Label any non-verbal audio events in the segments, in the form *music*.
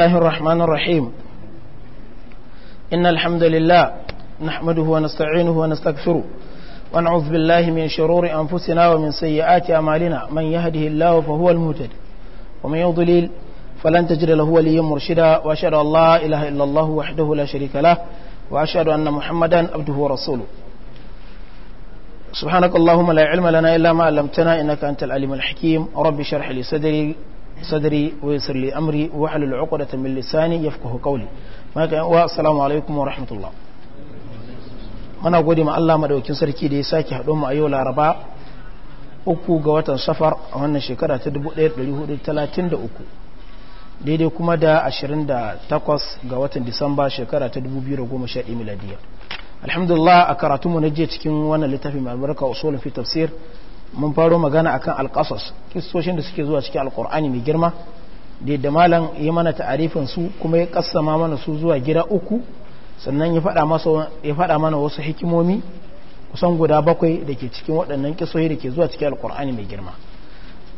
الله الرحمن الرحيم إن الحمد لله نحمده ونستعينه ونستغفره ونعوذ بالله من شرور أنفسنا ومن سيئات أمالنا من يهده الله فهو المهتد ومن يضلل فلن تجد له وليا مرشدا وأشهد أن لا إله إلا الله وحده لا شريك له وأشهد أن محمدا عبده ورسوله سبحانك اللهم لا علم لنا إلا ما علمتنا إنك أنت العليم الحكيم رب شرح لي صدري sadari wa yassir li amri wa halul 'uqdatan min lisani yafqahu qawli maka wa assalamu alaikum wa rahmatullah mana gode ma Allah madaukin sarki da ya saki hado mu a yau Laraba uku ga watan Safar a wannan shekara ta 1433 daidai kuma da 28 ga watan Disamba shekara ta 2011 miladiya alhamdulillah a karatunmu na jiya cikin wannan littafin mai albarka usulun fi tafsir mun faro magana akan alƙasas kistoshin da suke zuwa cikin alƙur'ani mai girma da yadda malam ya mana ta'arifin su kuma ya kassama mana su zuwa gida uku sannan ya faɗa mana wasu hikimomi kusan guda bakwai da ke cikin waɗannan kisoyi da ke zuwa cikin alƙur'ani mai girma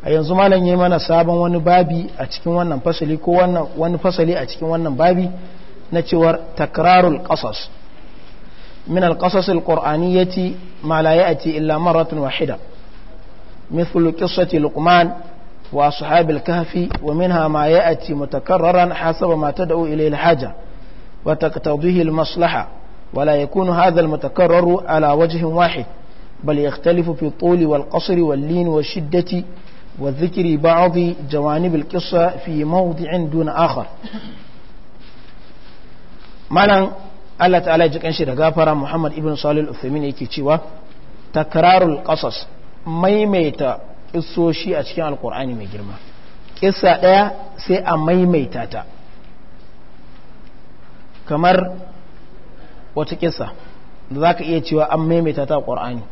a yanzu malam ya mana sabon wani babi a cikin wannan fasali ko wani fasali a cikin wannan babi na cewar takrarul qasas min alqasas alqur'aniyati ma la ya'ti illa maratun wahida مثل قصة لقمان وأصحاب الكهف ومنها ما يأتي متكررا حسب ما تدعو إليه الحاجة وتقتضيه المصلحة ولا يكون هذا المتكرر على وجه واحد بل يختلف في الطول والقصر واللين والشدة وذكر بعض جوانب القصة في موضع دون آخر مالا الله تعالى جكن شي daga محمد ابن ibn Salih al-Uthaymeen yake maimaita ƙisoshi a cikin alkur'ani mai girma ƙisa ɗaya sai a maimaita ta kamar wata ƙisa da za ka iya cewa an maimaita ta ƙur'ani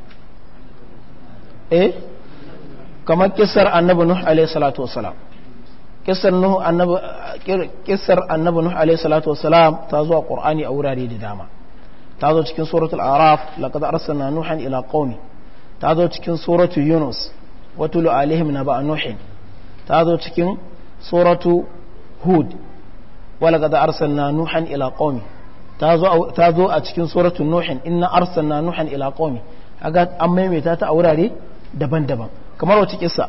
eh kamar ƙisar annabi nuh alaihi salatu wasalam ƙisar nuh annabi ƙisar annabi nuh alaihi salatu wasalam ta a ƙur'ani a wurare da dama ta zo cikin suratul araf laqad arsalna nuhan ila qaumi ta zo cikin tsoratu yunus wata lu'alihim na ba'a nuhin ta zo cikin tsoratu hud wala ga da arsalna nuhan ila qaumi ta zo a cikin suratu nuhin inna arsalna nuhan ila a aga an maimaita ta a wurare daban-daban kamar wacce kisa.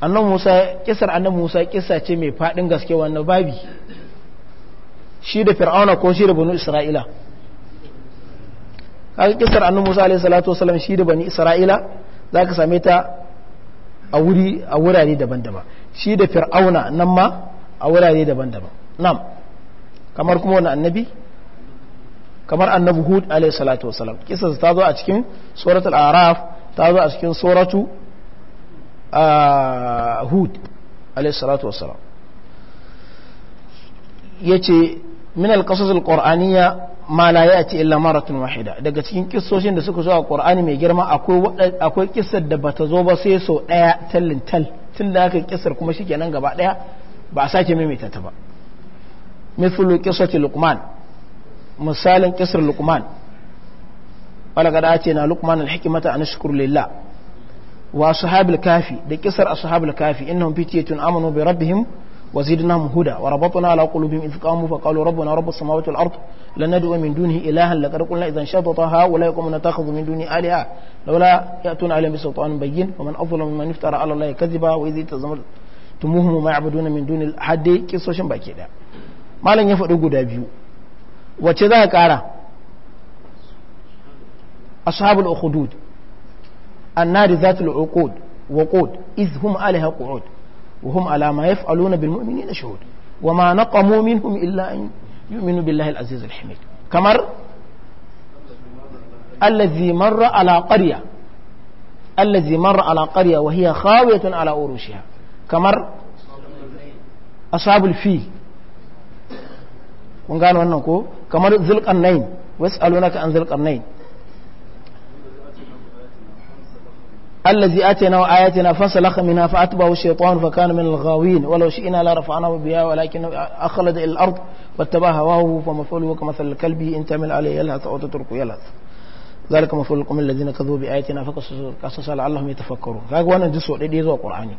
annan musa kisar annan musa kisa ce mai fadin gaske wannan babi shi da fir'auna ko shi da bunu isra'ila kaga kisar annabi Musa alaihi salatu wasallam shi da bani Isra'ila za ka same ta a wuri a wurare daban-daban shi da fir'auna nan ma a wurare daban-daban Nam kamar kuma wani annabi kamar annabi Hud alaihi salatu wasallam kisar ta zo a cikin al araf ta zo a cikin suratu Hud alaihi salatu wasallam yace min al-qasas al-qur'aniyya ma la ya'ti illa maratun wahida daga cikin kissoshin da suka zo a Qur'ani mai girma akwai akwai kissar da bata zo ba sai so daya tallin tal da aka kissar kuma shikenan gaba daya ba a sake maimaita ta ba mithlu qissati luqman misalin qissar luqman wala kada ce na luqman alhikmata an shukru lillah wa ashabil kafi da qissar ashabil kafi innahum fitiyatun amanu bi rabbihim وزدناهم هدى وربطنا على قلوبهم إذ قاموا فقالوا ربنا رب السماوات والأرض لن ندعو من دونه إلها لقد قلنا إذا انشطط هؤلاء يقوم نتخذ من دونه آلهة لولا يأتون عليهم بسلطان بين ومن أظلم ممن افترى على الله كذبا وإذ تزمتموهم وما يعبدون من دون الحد قصص باكي ده مالن ya faɗi guda biyu wacce za أصحاب الأخدود النار ذات العقود وقود إذ هم iz قعود وهم على ما يفعلون بالمؤمنين شهود وما نقموا منهم إلا أن يؤمنوا بالله العزيز الحميد كمر الذي مر على قرية الذي مر على قرية وهي خاوية على أوروشها كمر أصاب الفيل kun gano كمر ko النين zulkarnain عن alunaka النين الذي آتينا آياتنا فانسلخ منها فأتبعه الشيطان فكان من الغاوين ولو شئنا لرفعناه بها ولكن أخلد إلى الأرض واتبع هواه فمثله كمثل الكلب إن تمل عليه يلهث أو تتركه يلهث ذلك مثل القوم الذين كذبوا بآياتنا فقصص لعلهم يتفكرون kaga wannan duk so dai dai zuwa Qur'ani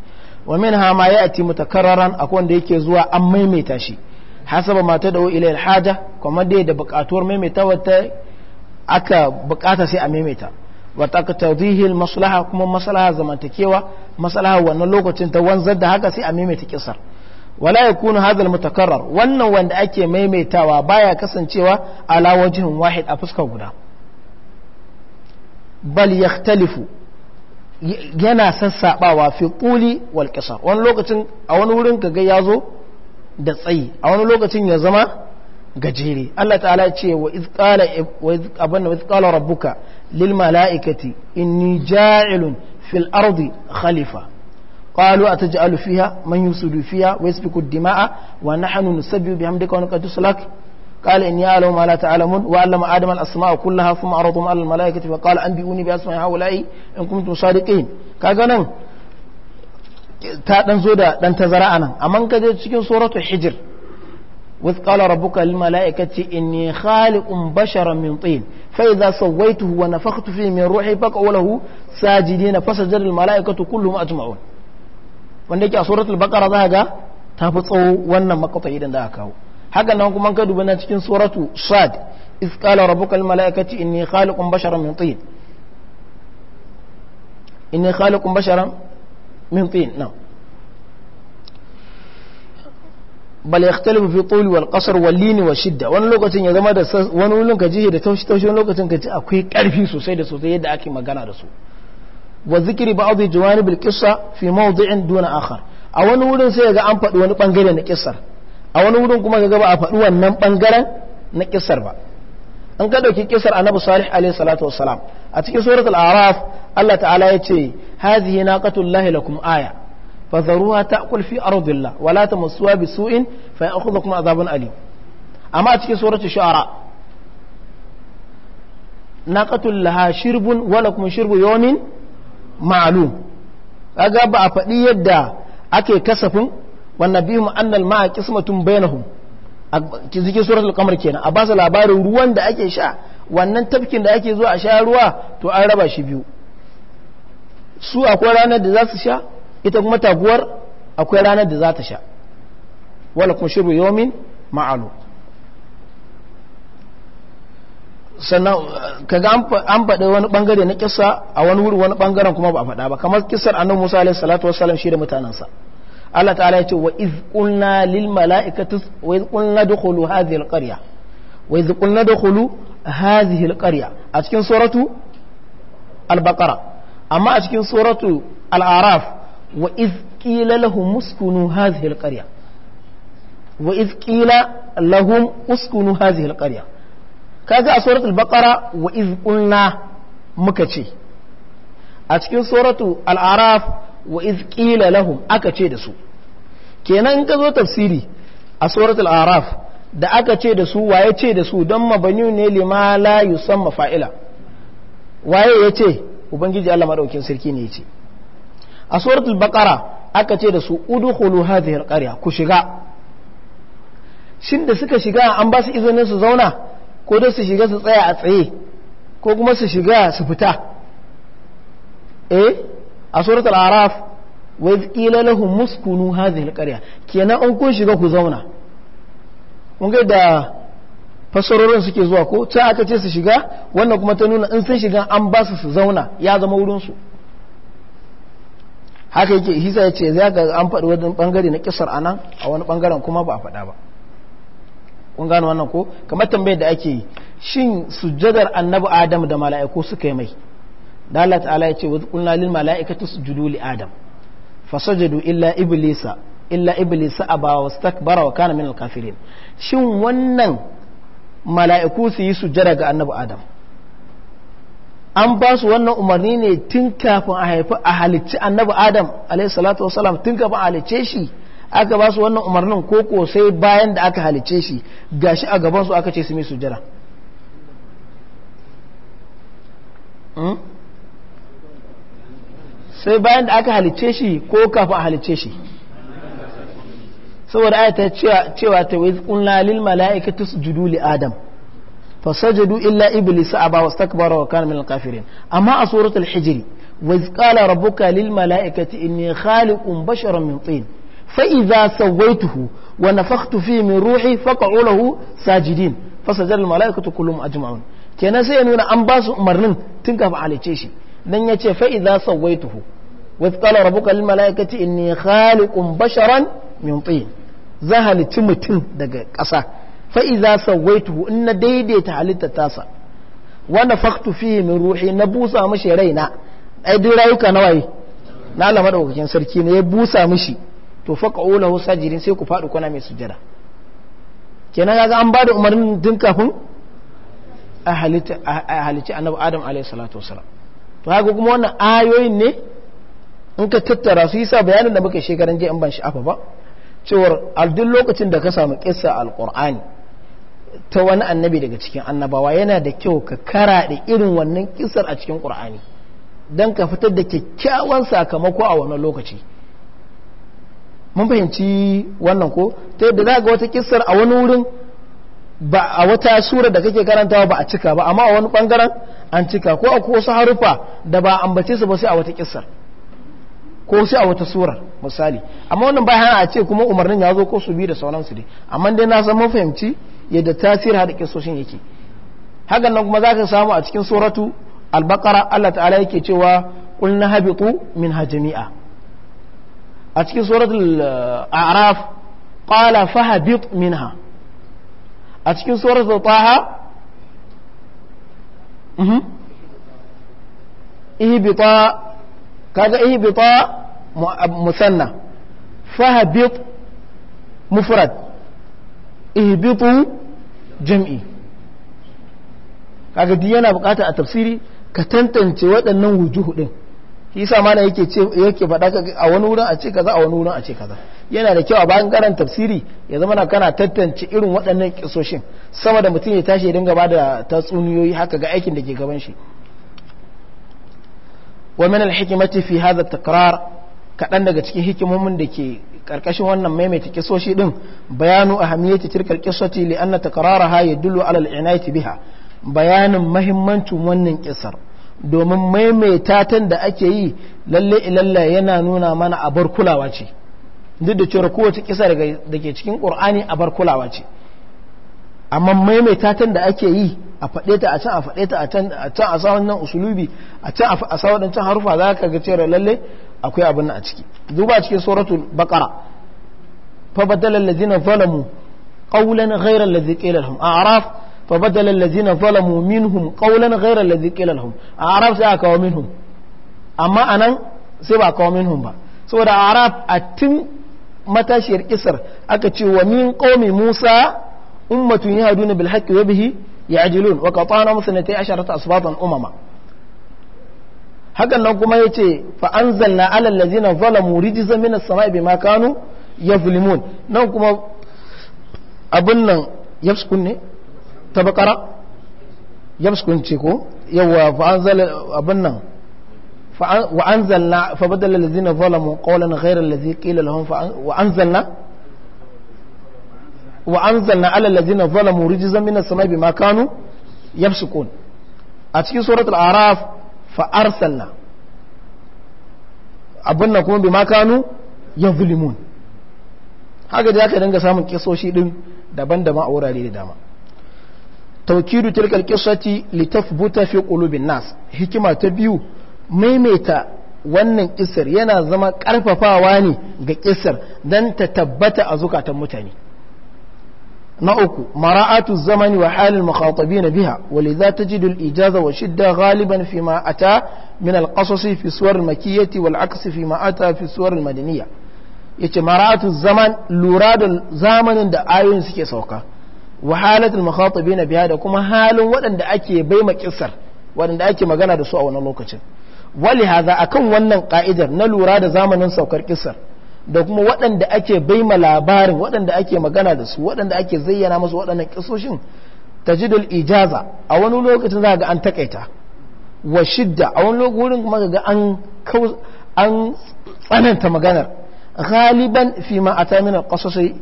wa minha ma ya'ti mutakarraran akwai wanda yake zuwa an maimaita shi hasaba mata da ila al-haja kuma dai da bukatuwar maimaitawa ta aka bukata sai a maimaita wa taqtadihi maslaha kuma maslaha zamantakewa maslaha wannan lokacin ta wanzar da haka sai a maimaita kisar wala yakunu hadha al-mutakarrar wannan wanda ake maimaitawa baya kasancewa ala wajhin wahid a fuska guda bal yakhtalifu yana sassabawa fi quli wal qisar wani lokacin a wani wurin kaga yazo da tsayi a wani lokacin ya zama gajere Allah ta'ala ce wa iz qala wa iz abanna wa iz qala rabbuka للملائكة إني جاعل في الأرض خليفة قالوا أتجعل فيها من يفسد فيها ويسفك الدماء ونحن نسبح بحمدك ونقدس لك قال إني أعلم ما لا تعلمون وعلم آدم الأسماء كلها ثم عرضهم على الملائكة فقال أنبئوني بأسماء هؤلاء إن كنتم صادقين كاغانا ta dan zo da dan tazara anan amma kaje cikin suratul hijr وإذ قال ربك للملائكة إني خالق بشرا من طين فإذا سويته ونفخت فيه من روحي فقعوا له ساجدين فسجد الملائكة wanda yake a suratul baqara za ga ta fi tsawo wannan makwatai idan da aka kawo haka nan kuma ka dubi na cikin suratu sad iz qala rabbuka lil malaikati inni khaliqun basharan min tin inni khaliqun basharan min tin na'am bal yaxtalifu fi tuli wal qasr wal lin wa shidda wani lokacin ya zama da wani wulin ka da taushi taushi wani lokacin ka ji akwai karfi sosai da sosai yadda ake magana da su wa zikri ba'd jawanib al qissa fi mawdi'in duna akhar a wani wurin sai ga an faɗi wani bangare na kissar a wani wurin kuma ga ba a faɗi wannan bangaren na kissar ba an ka dauki kissar annabi salih alaihi salatu wassalam a cikin suratul araf Allah ta'ala ya ce hadhihi katullahi lakum aya فذروها تأكل في أرض الله ولا تمسوها بسوء فيأخذكم عذاب أليم أما تكي سورة الشعراء ناقة لها شرب ولكم شرب يوم معلوم أقاب أفدي يدى أكي كسف والنبيهم أن الماء قسمة بينهم cikin suratul kamar kenan a ba su labarin ruwan da ake sha wannan tafkin da ake zuwa a sha ruwa to an raba shi biyu su akwai ranar da za su sha ita kuma taguwar akwai ranar da za ta sha wala kuma shiru yomin ma'alu sannan kaga an faɗi wani ɓangare na kisa a wani wuri wani ɓangaren kuma ba a faɗa ba kamar kisar annan musa alaihi salatu wasalam shi da mutanensa Allah ta'ala ya ce wa iz qulna lil mala'ikati wa iz qulna dukhulu hadhihi al qarya wa iz qulna dukhulu hadhihi al qarya a cikin suratu al baqara amma a cikin suratu al araf wa iz qila lahum uskunu hadhihi alqarya wa iz lahum uskunu alqarya kaga a suratul baqara wa iz qulna muka ce a cikin suratu al'araf wa iz lahum aka ce da su kenan ka zo tafsiri a suratul araf da aka ce da su waye ce da su don mabani ne lima yusamma fa'ila waye ya ce ubangiji Allah madaukin sarki ne ya ce a suratul bakara aka ce da su udkhulu hadhihi alqarya ku shiga shin da suka shiga an ba su izinin su zauna ko da su shiga su tsaya a tsaye ko kuma su shiga su fita eh a suratul araf wa qila lahum muskunu hadhihi alqarya kenan an kun shiga ku zauna mun ga da fassarorin suke zuwa ko ta aka ce su shiga wannan kuma ta nuna in sun shiga an ba su su zauna ya zama wurin su haka yake hisa ya ce za ga an faɗi wani ɓangare na kisar a nan a wani ɓangaren kuma ba a faɗa ba kun gano wannan ko kamar tambayar da ake yi shin sujjadar annabi adam da mala'iku suka yi mai da Allah ta'ala ya ce wa qulna lil mala'ikati sujudu li adam fasajadu illa iblisa illa iblisa aba wastakbara wa kana min al-kafirin shin wannan mala'iku su yi sujjada ga annabi adam an ba su wannan umarni ne tun kafin a haifi a halicci annabi adam alaihissalatu wasalam tun kafin a halicce shi aka ba su wannan umarnin ko ko sai bayan da aka halicce shi gashi a gaban su aka ce su mai jira. Hmm? sai bayan da aka halicce shi ko kafin a halicce shi saboda ayata cewa ta wai kunna lil mala'ikatu judu li adam فسجدوا إلا إبليس أبى واستكبر وكان من الكافرين أما سورة الحجر وإذ قال ربك للملائكة إني خالق بشرا من طين فإذا سويته ونفخت فيه من روحي فقعوا له ساجدين فسجد الملائكة كلهم أجمعون كان سينونا أنباس أمرنن تنكف على تشيشي لن يتشي فإذا سويته وإذ قال ربك للملائكة إني خالق بشرا من طين زهل تمتن دقى قصاه fa iza sawaituhu in na daidaita halitta tasa wa nafaktu fihi min ruhi na busa mishi raina ai dai rayuka nawaye na Allah madaukakin sarki ne ya busa mishi to faqa'u lahu sajirin sai ku faɗi kuna mai sujada kenan kaga an bada umarnin tun kafin a halitta annabi adam alayhi salatu wasalam to haka kuma wannan ayoyin ne in ka tattara su yasa bayanin da muka shekaran je in ban shi afa ba cewar aldin lokacin da ka samu kissa alqur'ani ta wani annabi daga cikin annabawa yana da kyau ka kara da irin wannan kisar a cikin ƙur'ani don ka fitar da kyakkyawan sakamako a wannan lokaci mun fahimci wannan ko ta yadda za ga wata kisar a wani wurin ba a wata sura da kake karantawa ba a cika ba amma a wani bangaren an cika ko a wasu harufa da ba ambace su ba sai a wata kisar ko sai a wata surar misali amma wannan ba hana a ce kuma umarnin ya zo ko su bi da sauransu dai amma dai na san mun fahimci yadda tasiri hada kisoshin yake hakan nan kuma za ka samu a cikin suratu albakara Allah ta'ala yake cewa kul na habitu min hajami'a a cikin suratul uh, araf qala fahabit minha a cikin suratul taha mhm. ihbita kaga ihbita musanna fahabit mufrad ihbitu jam'i kaga yana bukata a tafsiri ka tantance waɗannan wujuhu din isa mana yake faɗa a wani wurin a ce kaza a wani wurin a ce kaza yana da kyau a bayan karan tafsiri ya zama na kana tantance irin waɗannan kisoshin sama da mutum ya tashi ya dinga ba da tatsuniyoyi haka ga aikin da ke gaban shi wa min al-hikmati fi hadha takrar kaɗan daga cikin hikimomin da ke karkashin wannan maimaita kisoshi din bayanu a ahamiyati tilkal kisoti li anna ha ya ala alal inaiti biha bayanin mahimmancin wannan kisar domin maimaita tan da ake yi lalle ilalla yana nuna mana abar kulawa ce duk da cewa kowace kisa da ke cikin qur'ani abar kulawa ce amma maimaita tan da ake yi a faɗe ta a can a faɗe ta a can a sa wannan usulubi a can a sa waɗancan harufa za ka ga cewa lalle akwai abin a ciki duba cikin suratul baqara fa badala allazina zalamu qawlan ghayra allazi qila lahum a'raf fa badala allazina zalamu minhum qawlan ghayra allazi qila lahum a'raf sai aka kawo minhum amma anan sai ba kawo minhum ba saboda a'raf a tun matashiyar kisar aka ce wa min qaumi musa ummatun yahduna bil haqqi wa bihi ya'dilun wa qatana musnatay asharata asbatan umama hakan nan kuma ya ce fa anzalna alal ladzina zalamu rijzan minas sama'i bima kanu yazlimun nan kuma abin nan yafskun ne ta bakara yafskun ce ko yawa fa anzala abin nan wa anzalna fa badala ladzina zalamu qawlan ghayra alladhi qila lahum fa wa anzalna wa anzalna alal zalamu rijzan minas sama'i bima kanu yafsukun a cikin suratul araf fa arsalna abin nan kuma bi makanu ya zulimun haka da aka dinga samun kisoshi din daban-daban a wurare da dama taukidu tilkal kisati litafbuta fi qulubin nas hikima ta biyu maimaita wannan kisar yana zama ƙarfafawa ne ga kisar dan ta tabbata a zukatan mutane na uku mara'atu zamani wa halin makawatabi na biha wale za ta ji dul ijaza wa shidda galiban fi Minal min alƙasasi fi makiyati wal aksi fi ma'ata fi suwar ya ce mara'atu zaman lura da zamanin da ayoyin suke sauka wa halatul makawatabi na biha da kuma halin waɗanda ake bai ma kisar waɗanda ake magana da su a wannan lokacin wali haza akan wannan ka'idar na lura da zamanin saukar kisar da kuma waɗanda ake bai ma labarin waɗanda ake magana da su waɗanda ake zayyana masu waɗannan kisoshin tajidul ijaza a wani lokacin za ga an taƙaita wa shidda a wani lokacin kuma ga an tsananta maganar ghaliban fi ma a min alqasasi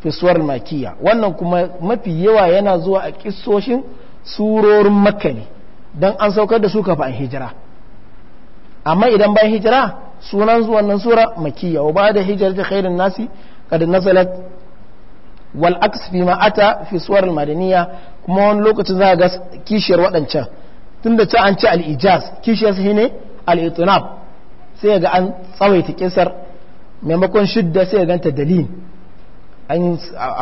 fi suwar makiya wannan kuma mafi yawa yana zuwa a kisoshin surorin makani ne dan an saukar da su kafin hijira amma idan bayan hijira sunan zuwan nan sura makiyya wa ba'da hijrati khairin nasi qad nazalat wal aks fi ma ata fi suwar madaniya kuma wani lokacin za ga kishiyar waɗancan tunda ta an ci alijaz kishiyar shi ne al sai ga an tsawaita kisar maimakon shidda sai ga ganta dalil an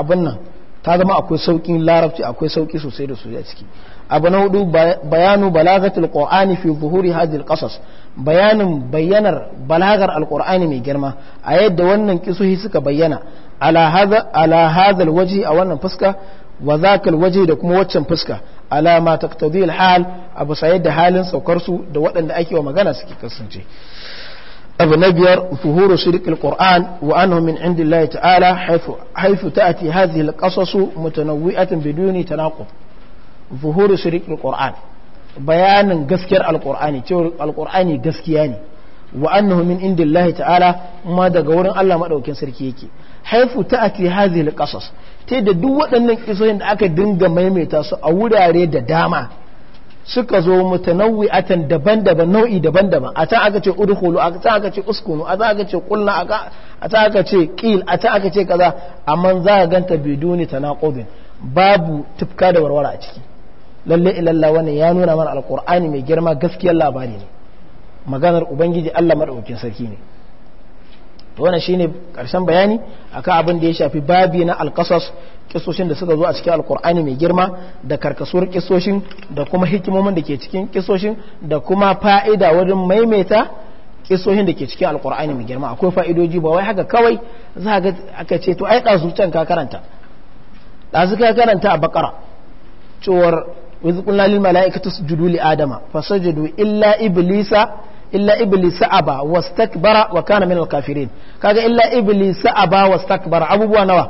abin nan ta zama akwai sauƙin larabci akwai sauƙi sosai da sosai a ciki abu na hudu bayanu balagatul qur'ani fi zuhuri hadil qasas bayanin bayyanar balagar alkur'ani mai girma a yadda wannan kisuhi suka bayyana ala hadhal waje a wannan fuska wa zakal waje da kuma waccan fuska ala ma taqtadi hal abu sayid da halin saukar su da waɗanda ake wa magana suke kasance abu na biyar tuhuru shirk alquran wa annahu min indillahi ta'ala haythu haythu ta'ti hadhihi alqasas mutanawwi'atan biduni tanaqub ظهور Al-Qur'an. bayanin gaskiyar alkur'ani cewar alkur'ani gaskiya ne wa annahu min indillahi ta'ala ma daga wurin Allah maɗaukin sarki yake haifu ta ta'ati hadhihi alqasas ta da duk waɗannan kisoyin da aka dinga maimaita su a wurare da dama suka zo mutanawwi'atan daban-daban nau'i daban-daban a ta aka ce udkhulu a ta aka ce uskunu a ta aka ce qulna a ta aka ce qil a ta aka ce kaza amma za ka ganta biduni tanaqudin babu tufka da warwara a ciki lalle ilalla wannan ya nuna mana alkur'ani mai girma gaskiyar labari ne maganar ubangiji Allah maɗaukin sarki ne to wannan shine karshen bayani akan abin da ya shafi babi na alqasas kisoshin da suka zo a cikin alkur'ani mai girma da karkasuwar kisoshin da kuma hikimomin da ke cikin kisoshin da kuma fa'ida wurin maimaita kisoshin da ke cikin alkur'ani mai girma akwai fa'idoji ba wai haka kawai za ga aka ce to ai ɗazu can ka karanta ɗazu ka karanta a bakara cewar وإذ قلنا للملائكة اسجدوا لآدم فسجدوا إلا إبليس إلا إبليس أبى واستكبر وكان من الكافرين كاجا إلا إبليس أبى واستكبر أبو بوانوا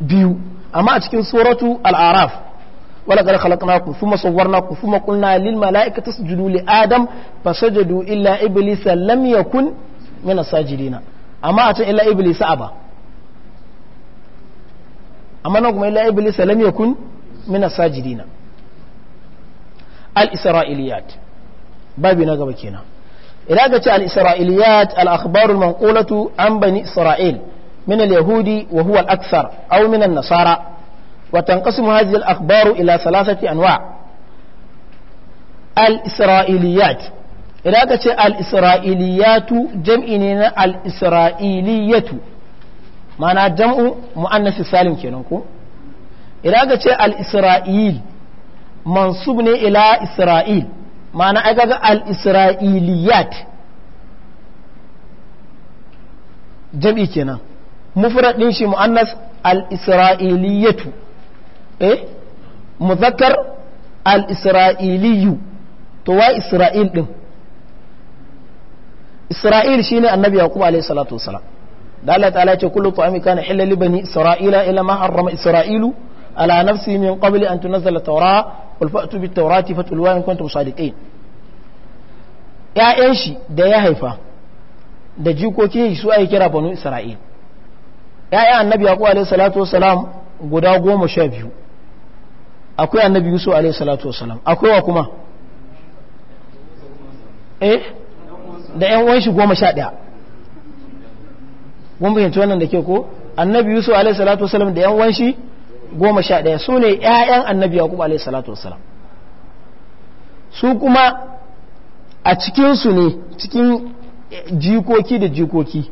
بيو أما أتكين سورة الأعراف ولقد خلقناكم ثم صورناكم ثم قلنا للملائكة اسجدوا لآدم فسجدوا إلا إبليس لم يكن من الساجدين أما أتى إلا إبليس أبى أما نقوم إلا إبليس لم يكن من الساجدين al-isra'iliyat babi na gaba kenan idan ka ce al-isra'iliyat al-akhbarul manqulatu an bani isra'il min al-yahudi wa huwa al-akthar aw min an-nasara wa tanqasimu hadhihi al-akhbar ila thalathati anwa' al-isra'iliyat idan ka ce al-isra'iliyatu jam'i ne na al-isra'iliyatu mana jam'u muannas salim kenan ko idan ka ce al-isra'il mansub ne ila isra'il ma'ana ai al-isra'iliyat jam'i kenan mufrad din shi muannas al-isra'iliyatu eh muzakkar al-isra'iliyu to wa isra'il din isra'il shine annabi yaqub alayhi salatu wasalam da Allah ta'ala ce kullu ta'ami kana halal li bani isra'ila ila ma harrama isra'ilu ala nafsi min qabli an tunzala tawra qul fa'tu bit tawrati fatluha in kuntum sadiqin ƴaƴan shi da ya haifa da jikokin shi su ai kira banu isra'il ƴaƴan annabi yaqub alayhi salatu wassalam guda goma sha biyu akwai annabi yusu alayhi salatu wassalam akwai wa kuma eh da ƴan uwan shi goma sha ɗaya mun bayyana wannan da ke ko annabi yusuf alaihi salatu wassalam da ƴan uwan shi goma sha ɗaya su ne ‘ya'yan annabi kuma alaihi salatu wassalam su kuma a cikinsu ne cikin jikoki da jikoki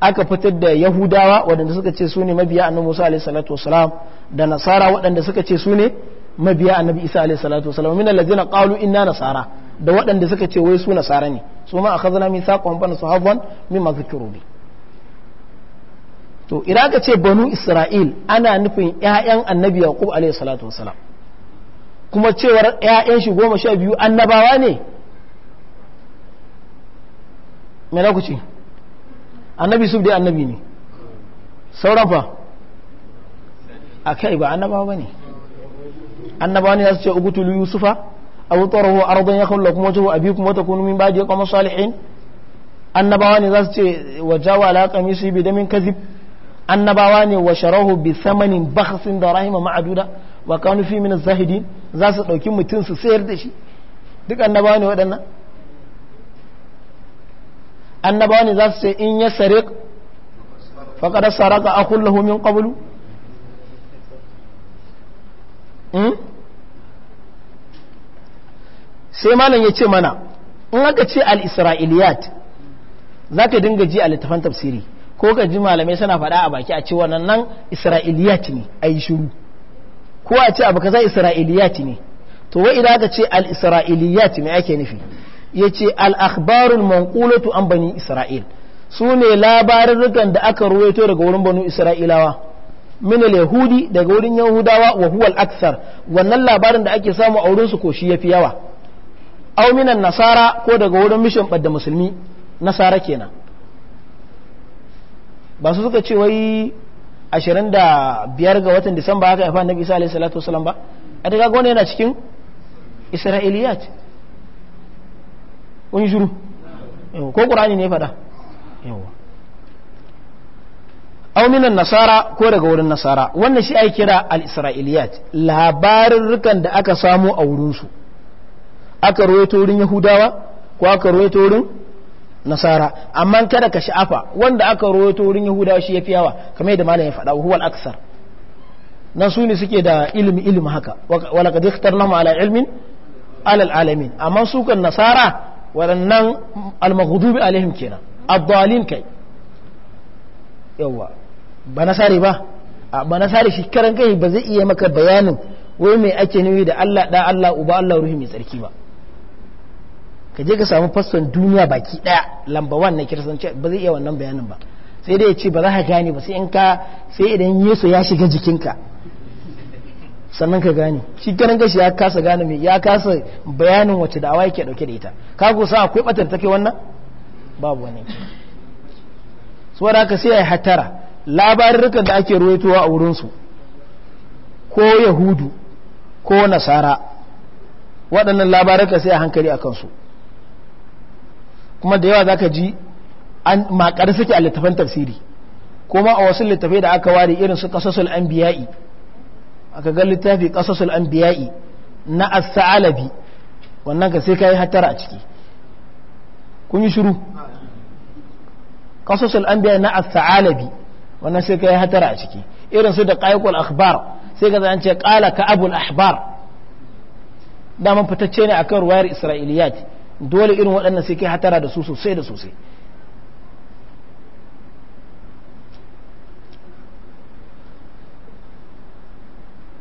aka fitar da yahudawa waɗanda suka ce su ne mabiya annabi musa alaihi salatu wassalam da nasara waɗanda suka ce su ne mabiya annabi isa alaihi salatu wassalam min allazina qalu inna nasara da waɗanda suka ce wai su nasara ne su ma akhadna mithaqan fa nasuhadhan mimma zikru bi to ina ka ce banu isra'il ana nufin 'ya'yan annabi yaqub alayhi salatu wasalam kuma cewar 'ya'yan shi goma sha biyu annabawa ne me na ku ce annabi su dai annabi ne sauran fa a kai ba annabawa ba ne annabawa ne za su ce ugutulu yusufa abu tsarahu ardon ya kawo kuma wajen abi kuma ta kunu min ba da ya kwamar salihin annabawa ne za su ce wajawa alaƙa misu bi damin kazib annabawa ne wa sharahu bi samanin bakhsin da rahima ma'aduda wa kanu fi min zahidi za su dauki mutum su sayar da shi duk annabawa ne waɗannan annabawa ne za su ce in ya sare faƙada saraka a kullahu min qablu hmm? sai malam ya ce mana in aka ce al-isra'iliyat za ka dinga ji a littafan tafsiri ko ka ji malamai suna faɗa a baki a ce wannan nan isra'iliyat ne a yi shiru ko a ce abu kaza isra'iliyat ne to wa idan ka ce al isra'iliyat me ake nufi yace al akhbarul manqulatu an bani isra'il su ne labarurrukan da aka ruwaito daga wurin banu isra'ilawa min yahudi daga wurin yahudawa wa huwa al-akthar wannan labarin da ake samu a wurin su ko shi yafi yawa aw minan nasara ko daga wurin mishin badda musulmi nasara kenan ba su suka ce wai 25 ga watan disamba haka haifa annabi isa alaihi salatu wasalam ba a daga gona yana cikin isra'iliyat wani shuru ko qur'ani ne fada yawa aw minan nasara ko daga wurin nasara wannan shi ake kira al-isra'iliyat labarin rukan da aka samu a wurin su aka rawaito wurin yahudawa ko aka rawaito wurin nasara amma kada ka sha'afa wanda aka rawaito wurin yahuda shi yafi yawa kamar yadda malam ya faɗa huwa al-aksar nan su ne suke da ilimi ilimi haka wala kad ikhtarnahu ala ilmin alal alamin amma su kan nasara waɗannan al-maghdubi alaihim kenan ad kai yawa ba nasare ba ba nasare shi karan kai ba zai iya maka bayanin wai me ake nufi da Allah da Allah uba Allah ruhi mai tsarki ba ka je ka samu faston duniya baki daya lamba wan na ba zai iya wannan bayanin ba sai dai ya ce ba za ka gane ba sai in ka sai idan yesu ya shiga jikinka sannan ka gane shi ganin gashi ya kasa gane mai ya kasa bayanin wacce da awa yake dauke da ita ka sa akwai batar take wannan babu wani saboda haka sai ya hatara labarurrukan da ake ruwaitowa a wurinsu ko yahudu ko nasara waɗannan labarurka ka a hankali a kansu kuma da yawa zaka ji an makar suke a littafan tafsiri kuma a wasu littafai da aka ware irin su qasasul anbiya'i aka ga littafi qasasul anbiya'i na as-sa'alabi wannan ka sai kai hatara a ciki kun yi shiru qasasul anbiya na as-sa'alabi wannan sai kai hatara a ciki irin su da qaiqul akhbar sai ka zan ce qala ka abul ahbar da man fitacce ne akan ruwayar isra'iliyat dole irin waɗannan sai kai hatara da su sosai da sosai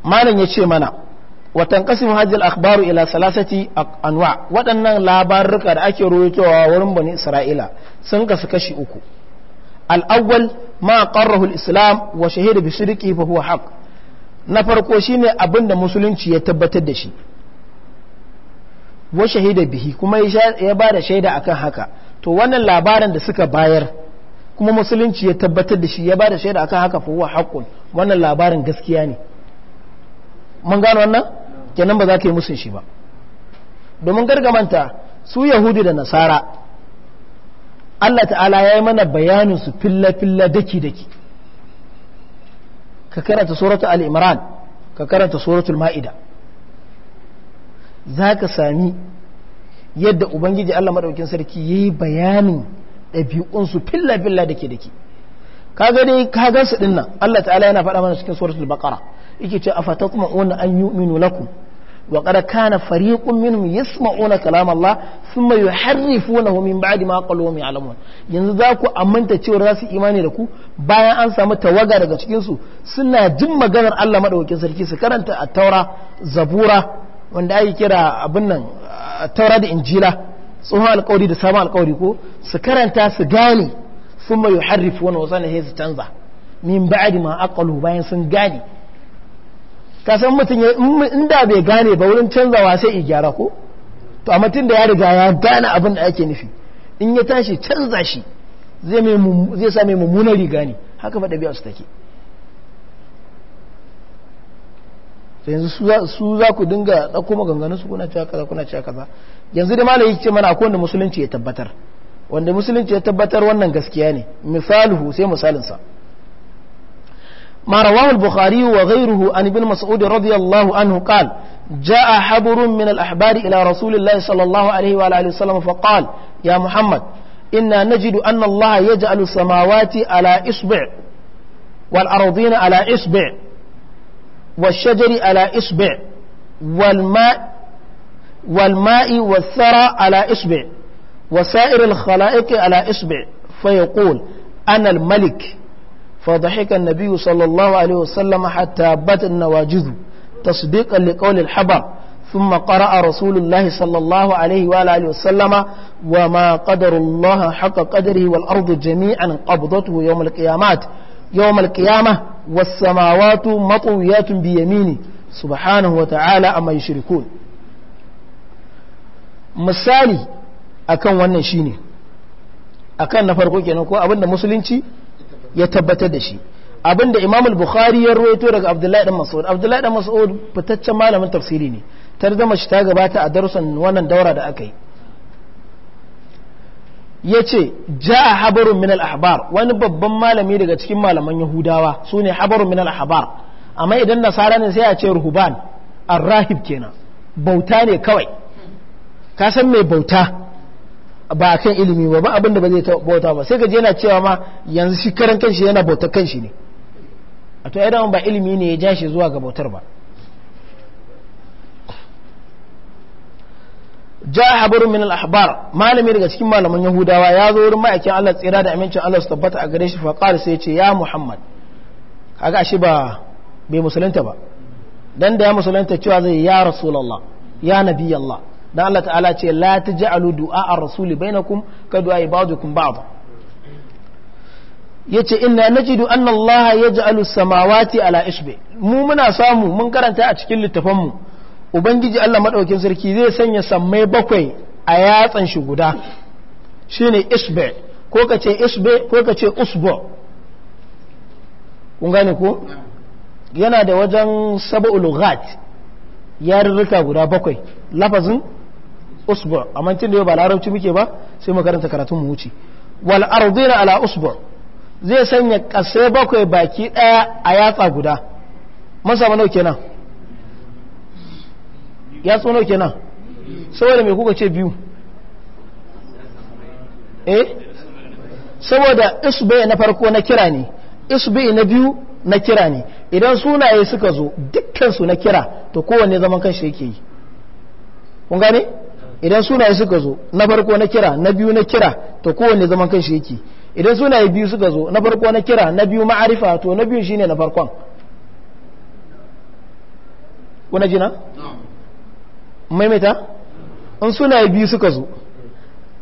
malam ya ce mana watan kasim hajjal akhbaru ila salasati anwa waɗannan labaruka da ake ruwaitowa wurin bani isra'ila sun kasu kashi uku al'awwal ma qarrahu al-islam wa shahida bi shirki fa huwa haqq na farko shine abinda musulunci ya tabbatar da shi wa shahida bihi kuma ya ba da shaida akan haka to wannan labarin da suka bayar kuma musulunci ya tabbatar da shi ya ba da shaida akan haka fa huwa haqqun wannan labarin gaskiya ne mun gano wannan kenan ba za ka yi musun shi ba domin gargamanta su Yahudi da nasara Allah ta'ala ya yi mana bayanin su filla-filla daki-daki ka karanta suratul al-imran ka karanta suratul ma'ida za ka sami yadda ubangiji allah maɗaukin sarki ya yi bayanin ɗabi'unsu filla-filla da ke da ke kaga dai ka gansu ɗin allah ta'ala yana faɗa mana cikin suratul baqara yake ce a fata kuma wani an yu'minu lakum wa qad kana fariqun minhum yasma'una kalam Allah thumma yuharrifunahu min ba'di ma qalu wa ya'lamun yanzu za ku aminta cewar za su imani da ku bayan an samu tawaga daga cikinsu, suna jin maganar Allah maɗaukin sarki su karanta a taura zabura wanda ake kira abin nan taura da injila tsohon alkawari da saman alkawari ko su karanta su gane sun mai harrifi wani wasu ne su canza min ba'adi ma akalu bayan sun gane kasan mutum inda bai gane ba wurin canzawa sai i gyara ko to a mutum da ya riga ya gane abin da ake nufi in ya tashi canza shi zai sa mai mummunar riga ne haka faɗa biya su take to yanzu su za ku dinga ɗauko maganganu su kuna cewa kaza kuna cewa kaza yanzu da malayi ce mana akwai wanda musulunci ya tabbatar wanda musulunci ya tabbatar wannan gaskiya ne misaluhu sai misalinsa marawahu al wa ghayruhu an ibn mas'ud radiyallahu anhu qal ja'a habrun min al-ahbar ila rasulillahi sallallahu alayhi wa alihi wasallam fa ya muhammad inna najidu annallaha ya yaj'alu samawati ala isbi' wal ardina ala isbi' والشجر على إصبع والماء والماء والثرى على إصبع وسائر الخلائق على إصبع فيقول أنا الملك فضحك النبي صلى الله عليه وسلم حتى بات النواجذ تصديقا لقول الحبر ثم قرأ رسول الله صلى الله عليه وآله وسلم وما قدر الله حق قدره والأرض جميعا قبضته يوم القيامات يوم القيامة والسماوات مطويات بيمينه سبحانه وتعالى أما يشركون misali akan wannan shine akan na farko kenan ko abinda musulunci ya tabbatar da shi abinda Imam al ya rawaito daga Abdullahi dan Mas'ud Abdullahi dan Mas'ud fitaccen malamin tafsiri ne tarzama shi ta gabata a darussan wannan daura da aka yi ya ce ja a habarun min ahbar wani babban malami daga cikin malaman yahudawa su ne habarun min ahbar amma idan nasara ne sai a ce ruhuban arrahib rahib kenan bauta ne kawai ka san mai bauta ba a kan ilimi ba ba abinda ba zai bauta ba sai ka je yana cewa ma yanzu shi karan kanshi yana bautar kanshi ne a to ba ilimi ne ya jashi zuwa ga bautar ba ja habaru min al-ahbar malami daga cikin malaman yahudawa ya zo wurin ma'aikin Allah tsira da amincin Allah su tabbata a gare shi fa qala sai ce ya muhammad kaga ashe ba bai musulunta ba dan da ya musulunta cewa zai ya rasulullah ya nabi Allah dan Allah ta'ala ce la taj'alu du'a ar-rasuli bainakum ka du'a ibadukum ba'd yace inna najidu anna Allah yaj'alu as-samawati ala isbi mu muna samu mun karanta a cikin littafanmu mu ubangiji Allah maɗaukin sarki zai sanya samai bakwai a yatsan shi guda shine isbe ko ka ce isbe ko ka ce usbo kun gane ko yana da wajen sab'ul lughat yarurruka guda bakwai lafazin usbu amma tun da yau ba larabci muke ba sai mu karanta karatun mu wuce wal ardina ala usbu zai sanya kasai bakwai baki daya a yatsa guda masa mana kenan ya tsono ke nan saboda mai kuka ce biyu eh saboda isbe na farko na kira ne isbe na biyu na kira ne idan sunaye suka zo dukkansu na kira to kowanne zaman kanshi yake yi kun gane idan sunaye suka zo na farko na kira na biyu na kira to kowanne zaman kanshi yake idan sunaye biyu suka zo na farko na kira na biyu ma'arifa to na biyu shine na farkon kuna jina maimaita in suna biyu suka zo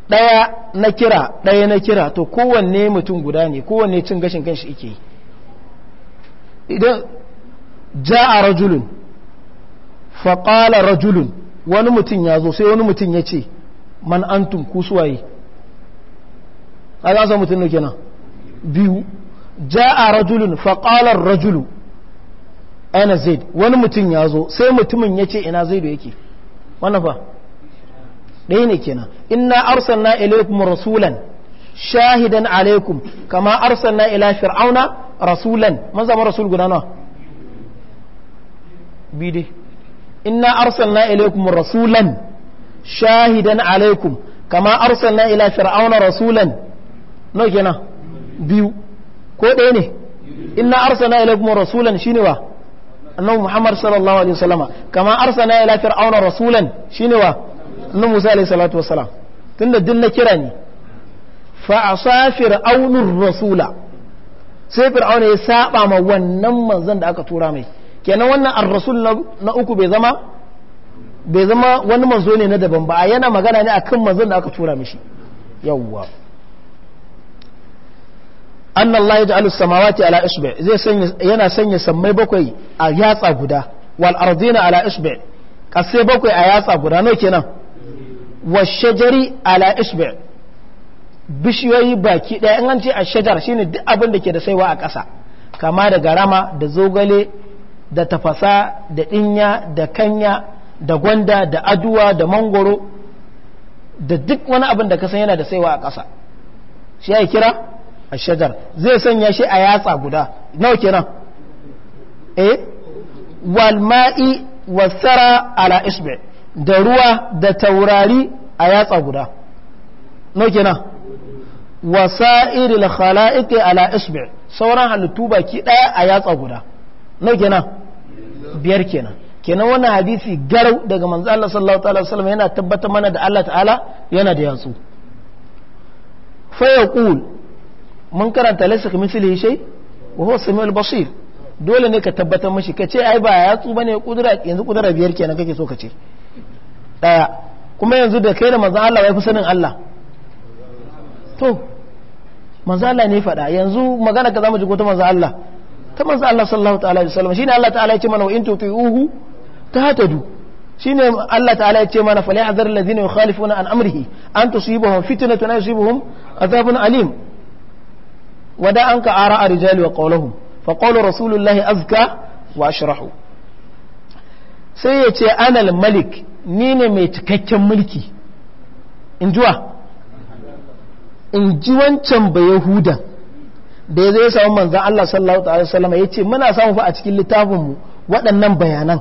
ɗaya na kira ɗaya na kira to kowanne mutum guda ne kowanne cin gashin kanshi ike idan ja a rajulun faƙala rajulun wani mutum ya zo sai wani mutum ya ce man an ku suwaye a za mutum nuke nan biyu ja a rajulun faƙalar rajulu ana zai wani mutum ya zo sai mutumin ya ce ina zai zaidu yake wannan fa ɗaya ne kenan inna arsalna ilaykum rasulan shahidan alaikum kama arsalna ila fir'auna rasulan man zama rasul guda nawa bide inna arsalna ilaykum rasulan shahidan alaikum kama arsalna ila fir'auna rasulan no kenan biyu ko ɗaya ne inna arsalna ilaykum rasulan shine wa annabi Muhammad sallallahu alaihi wasallama kama arsalna ila fir'auna rasulan shine wa annabi Musa alaihi salatu wassalam tunda din na kira ni fa asa fir'aunur rasula sai fir'auna ya saba ma wannan manzon da aka tura mai kenan wannan ar-rasul na uku bai zama bai zama wani manzo ne na daban ba yana magana ne akan manzon da aka tura mishi yawwa an Allah da ji alus samawati ala isbe yana sanya sammai bakwai a yatsa guda wal ardina ala isbe kasai bakwai a yatsa guda nau kenan wa shajari ala isbe bishiyoyi baki ɗaya in an ce a shajar shine duk abin da ke da saiwa a ƙasa kama da garama da zogale da tafasa da ɗinya da kanya da gwanda da aduwa da mangoro da duk wani abin da ka san yana da saiwa a ƙasa shi ya kira a shajar zai sanya shi a yatsa guda nawa kenan eh wal wasara ala isbe da ruwa da taurari a yatsa guda nawa kenan wasairil khala'iqi ala isbe sauran halittu baki daya a yatsa guda nawa kenan biyar kenan kenan wannan hadisi garau daga manzo Allah sallallahu wasallam yana tabbatar mana da Allah ta'ala yana da yatsu fa yaqul mun karanta laysa kamithlihi shai wa huwa samiul basir dole ne ka tabbatar mashi ka ce ai ba yatsu bane kudura yanzu kudura biyar kenan kake so ka ce daya kuma yanzu da kai da manzo Allah wai fi sanin Allah to manzo Allah ne faɗa yanzu magana ka zamu ji ko ta manzo Allah ta manzo Allah sallallahu ta'ala alaihi wasallam shine Allah ta'ala ya ce mana wa in tuti'uhu tahtadu shine Allah ta'ala ya ce mana fala ya'zar alladhina yukhalifuna an amrihi an tusibahum fitnatun yusibuhum adhabun alim wada anka ka ara a rijali wa qawluhum fa qawlu rasulullahi azka wa ashrahu sai ya ce anal malik ni ne mai cikakken mulki in ji wancan ba yahudan da ya zai samu manzan Allah sallallahu ta'ala sallama ya ce muna samun fa a cikin littafinmu waɗannan bayanan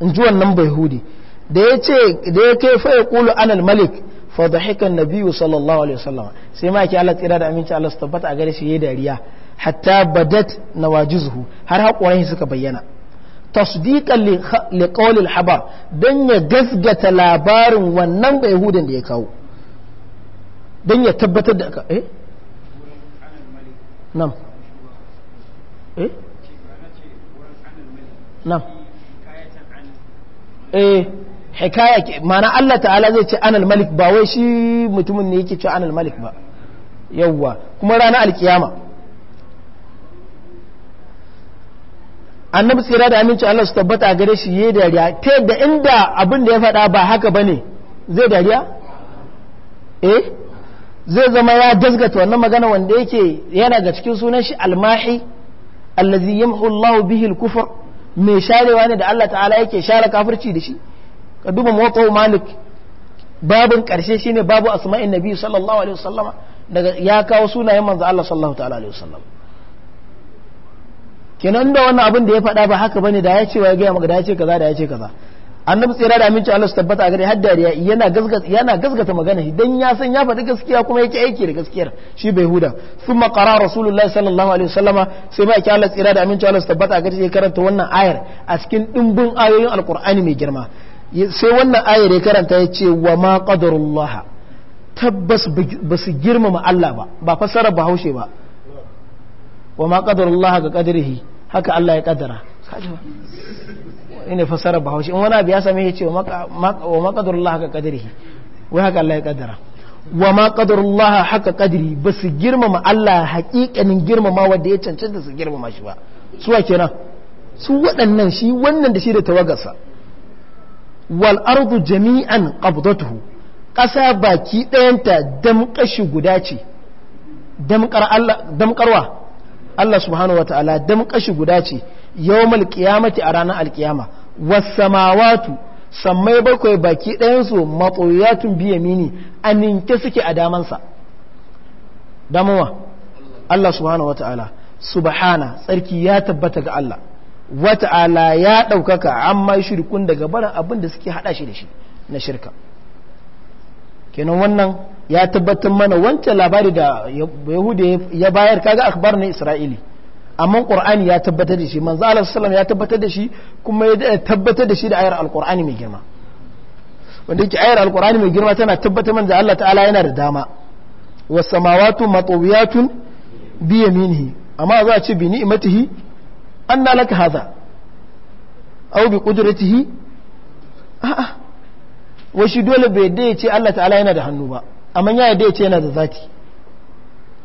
in ji wannan ba ya ce da ya kai fa ya ƙulu anal malik fa dhahika nabi sallallahu alaihi wasallam sai ma yake Allah tsira da aminci Allah su tabbata a gare shi yayi dariya hatta badat nawajizuhu har haƙoran suka bayyana tasdiqan li qawli al-habar dan ya gasgata labarin wannan bai yahudan da ya kawo dan ya tabbatar da eh nam eh nam eh hikaya mana Allah ta'ala zai ce anal malik ba wai shi mutumin ne yake ce anal malik ba yawwa kuma ranar alkiyama annabi tsira da aminci Allah su tabbata gare shi yayi dariya ta yadda inda abin da ya faɗa ba haka bane zai dariya eh zai zama ya dazgata wannan magana wanda yake yana ga cikin sunan shi almahi allazi yamhu Allahu bihi alkufr mai sharewa ne da Allah ta'ala yake share kafirci da shi ka duba moto malik babin karshe shine babu asma'in nabi sallallahu alaihi wasallama daga ya kawo sunayen manzo Allah sallallahu ta'ala alaihi wasallam kenan da wannan abin da ya faɗa ba haka bane da ya ce wa ya ga maka da ya ce kaza da ya ce kaza annabi tsira da aminci Allah su tabbata a gare har dariya yana gasgata yana gasgata magana dan ya san ya faɗi gaskiya kuma yake aiki da gaskiyar shi bai huda thumma qara rasulullahi sallallahu alaihi wasallama sai mai Allah tsira da aminci Allah su tabbata a gare shi karanta wannan ayar a cikin dimbin ayoyin alqur'ani mai girma sai wannan ayar ya karanta ya ce wa ma qadarullah tabbas ba su girmama Allah ba ba fasara ba haushe ba wa ma qadarullah ga ƙadarihi haka Allah ya ƙadara ina fasara ba haushe in wani abu ya same ya ce wa ma qadarullah ga ƙadarihi wai haka Allah ya ƙadara wa ma qadarullah haka qadri ba su girmama Allah haƙiƙanin girmama wanda ya cancanta su girmama shi ba suwa kenan su waɗannan shi wannan da shi da tawagarsa wal ardu jami'an qabdatuhu ƙasa baki ɗayanta damƙashi guda ce damƙarwa Allah subhanahu wa ta'ala damƙashi guda ce yawmal qiyamati a ranar alkiyama was sammai bakwai baki ɗayansu matsoyatun biya mini a ninke suke a damansa damuwa Allah subhanahu wa ta'ala subhana tsarki ya tabbata ga Allah wata'ala ya ɗaukaka amma shirkun daga barin abin da suke haɗa shi da shi na shirka kenan wannan ya tabbatar mana wancan labari da yahudu ya bayar kaga akbar na isra'ili amma qur'ani ya tabbatar da shi manzo Allah sallam ya tabbatar da shi kuma ya tabbatar da shi da ayar alqur'ani mai girma wanda yake ayar alqur'ani mai girma tana tabbatar da Allah ta'ala yana da dama was samawati matawiyatun bi yaminihi amma za a ce bi ni'matihi an laka haza au bi ƙuduratihi a'a washi dole bai yadda ce Allah ta'ala yana da hannu ba amma ya yadda ce yana da zati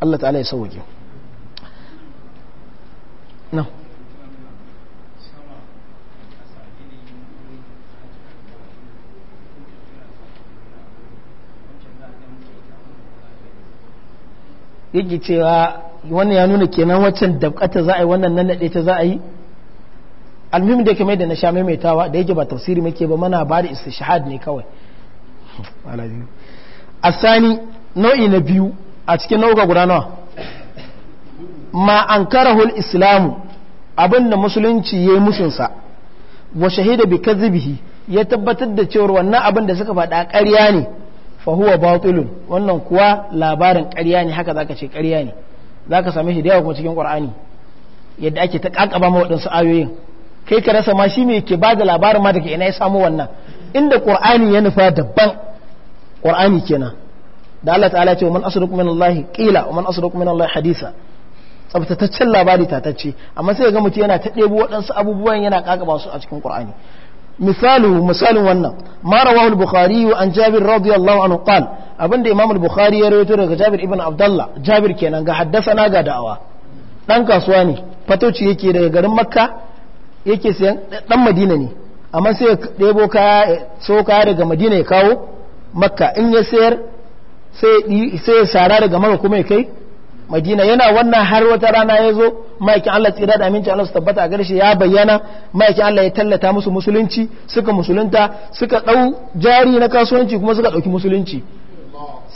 Allah ta'ala ya sauke na yake cewa wannan ya nuna kenan waccan dabkata za a yi wannan nan nade ta za a yi almuhim da kamar da na sha maimaitawa da yake ba tafsiri muke ba mana ba da istishhad ne kawai asani nau'i na biyu a cikin nau'uka guda nawa ma kara hul islamu abinda musulunci ya yi musunsa wa shahida bi kadhibihi ya tabbatar da cewa wannan abin da suka faɗa ƙarya ne fa huwa batilun wannan kuwa labarin ƙarya ne haka zaka ce ƙarya ne za ka same shi da yawa kuma cikin ƙwar'ani yadda ake ta ƙaƙaba ma waɗansu ayoyin kai ka rasa ma shi mai ke ba da labarin ma daga ina ya samu wannan inda ƙwar'ani ya nufa daban ƙwar'ani kenan da Allah ta'ala ce wa man asruku min Allah qila wa man asruku min Allah hadisa tsaftataccen labari tatacce amma sai ga mutum yana ta ɗebo waɗansu abubuwan yana ƙaƙaba su a cikin ƙwar'ani misalu misalin wannan ma rawahu al-bukhari an jabir radiyallahu anhu qal abinda imam al-bukhari ya rawaito daga jabir ibn abdullah jabir kenan ga haddasa ga da'awa dan kasuwa ne fatoci yake daga garin makka yake sayan dan madina ne amma sai ya ɗebo kaya so kaya daga madina ya kawo makka in ya sayar sai ya sara daga maka kuma ya kai madina yana wannan har wata rana ya zo ma'aikin Allah tsira da aminci Allah su tabbata a garshe ya bayyana ma'aikin Allah ya tallata musu musulunci suka musulunta suka ɗau jari na kasuwanci kuma suka ɗauki musulunci